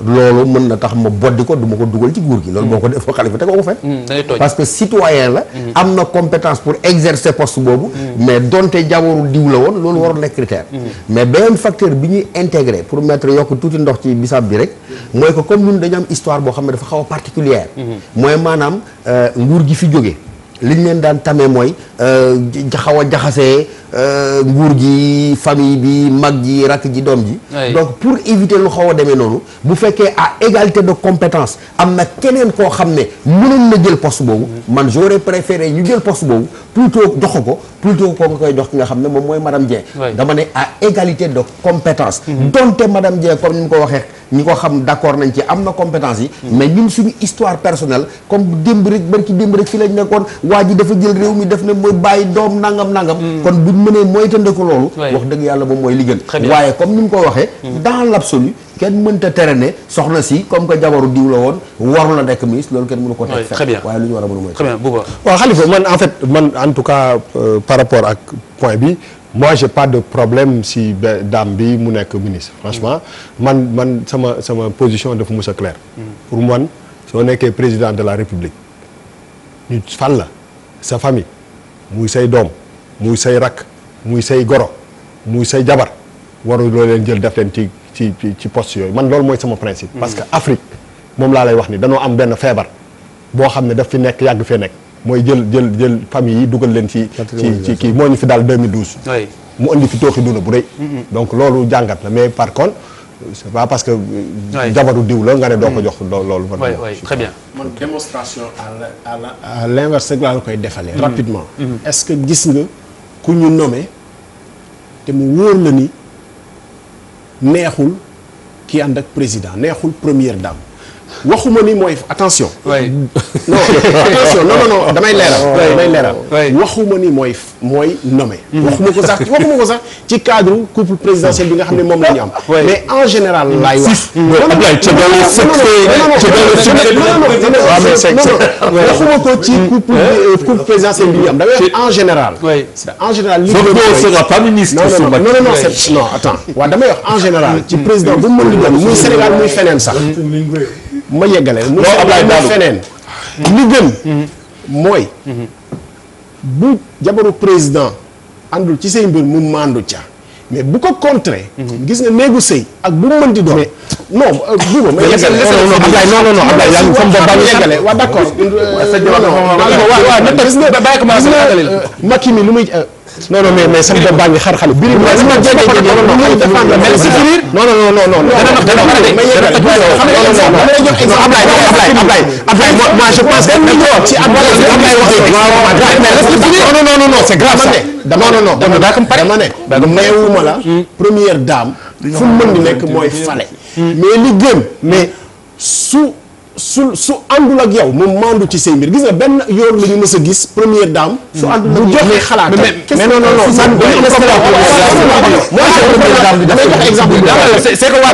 loolu mën na tax ma boddi ko du ko dugal ci nguur gi. loolu boo ko defee xalifa teg ko fen mm, parce que citoyen la. Mm-hmm. am na compétence pour exercer poste boobu. Mm-hmm. mais donte jabaru diw la woon loolu waroon nekk critère. Mm-hmm. mais beneen facteur bi ñuy intégré pour mettre yokk tuuti ndox ci bisaab bi rek. mooy que comme ñun dañu am histoire boo xam ne dafa xaw a particulière. mooy maanaam euh, nguur gi fi jóge li ñu leen daan tamee mooy euh, xaw a jaxasee euh, nguur gi famille bi mag ji rakk ji doom ji donc pour éviter lu xaw a demee noonu bu fekkee à égalité de compétence am na keneen koo xam ne mënoon a jël poste boobu man j'aurais préféré ñu jël poste boobu plutôt jox ko plutôt ko koy jox ki nga xam ne moom mooy madame Dieng dama ne à égalité de compétence mm-hmm. donte madame Dieng comme ni mu ko waxee ñi ko xam d'accord nañ ci am na compétence yi mm-hmm. mais ñun suñu histoire personnelle comme démb rek barki démb rek fi lañ nekkoon waa ji dafa jël réew mi def ne mooy bàyyi doom nangam nangam mm. kon buñ mënee mooy tëndeku loolu wax dëgg yàlla moom mooy li waaye comme ni mu ko waxee mm. dans l'absolu kenn mënta tere ne soxna si comme que jabaru diw woon waru la nekk ministre loolu kenn mënu ko teg fekk waaye lu ñu en fait man euh, par rapport ak point bi moi j'ai pas de problème si dame bi mu nekk ministre franchement mm. man man sama sama position dafa mu a clair pour man soo nekkee président de la république ñu fal la sa famille muy say doom muy say rakk muy say goro muy say jabar waru loo leen jël def leen ci ci ci poste yooyu man loolu mooy sama principe parce que hmm. Afrique moom laa lay wax ni danoo am benn feebar boo xam ne daf fi nekk yàgg fee nekk mooy jël jël jël famille yi dugal leen ci ci ci kii moo ñu fi daal 2012 mu indi fi tooxi duna bu rëy hmm. donc loolu jàngat la mais par contre c'est pas parce que. Euh, jabaru diw la nga ne doo ko mm. jox loolu. oui oui très bien. man démonstration à la à l'inverse rek laa la koy defalee. Mm. rapidement. Mm. est-ce que gis nga ku ñu nommé te mu wóor la ni neexul ki ànd ak président neexul première dame. waxuma ni mooy attention. oui non attention non non non damay leeral. damay mooy mooy nommé. waxuma ko sax waxuma ko ci cadre couple présidentiel bi nga xam ne moom la ñu am. mais en général laay wax. Ablaye ca dans le secret non non non waxuma en général. en général li sera pas ministre. non non non non attends waaw en général. ci président bu mu mën di Sénégal muy feneen sax. ma yeggale. mu feneen feneen. li gën. mooy. bu jabaru président àndul ci say mbir mu màndu ca. mais bu ko contrer. gis nga néegu sëy ak bu mu mënti doon. non bu ma. mais yéen non non non Ablaye yaa ngi comme boobu baalu yeggale waaw d'accord. waaw non non mais mais sama doom baa ngi xar xale. biir mooy li ma jege jege non non non non non non non non non non mais su su su àndul ak yow moom maandu ci say mbir gis nga benn yoon la ñu a gis première dame. su àndul ak yow joxe xalaat. jox exemple. c'est que waa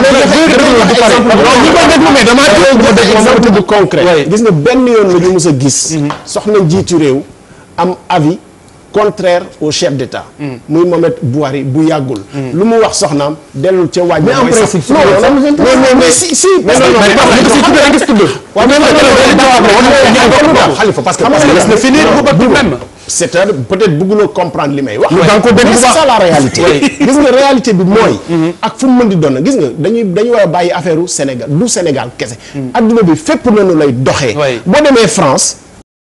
mais concret gis nga benn yoon la ñu a gis. sox soxna njiitu réew am avis. contraire au chef d'État. muy Mohamed Bouhari bu yàggul. lu mu wax soxnaam dellul ca waaj. mais en principe non mais si si. mais non non mais parce que laisse-le finir même. c'est-à-dire peut-être bëgguloo comprendre li may wax. mais c'est ça la réalité. gis nga réalité bi mooy. Mhm. ak fu mu mën di doon gis nga dañuy dañu war a bàyyi affaire u Sénégal du Sénégal kese. adduna bi fépp noonu lay doxee. boo demee France.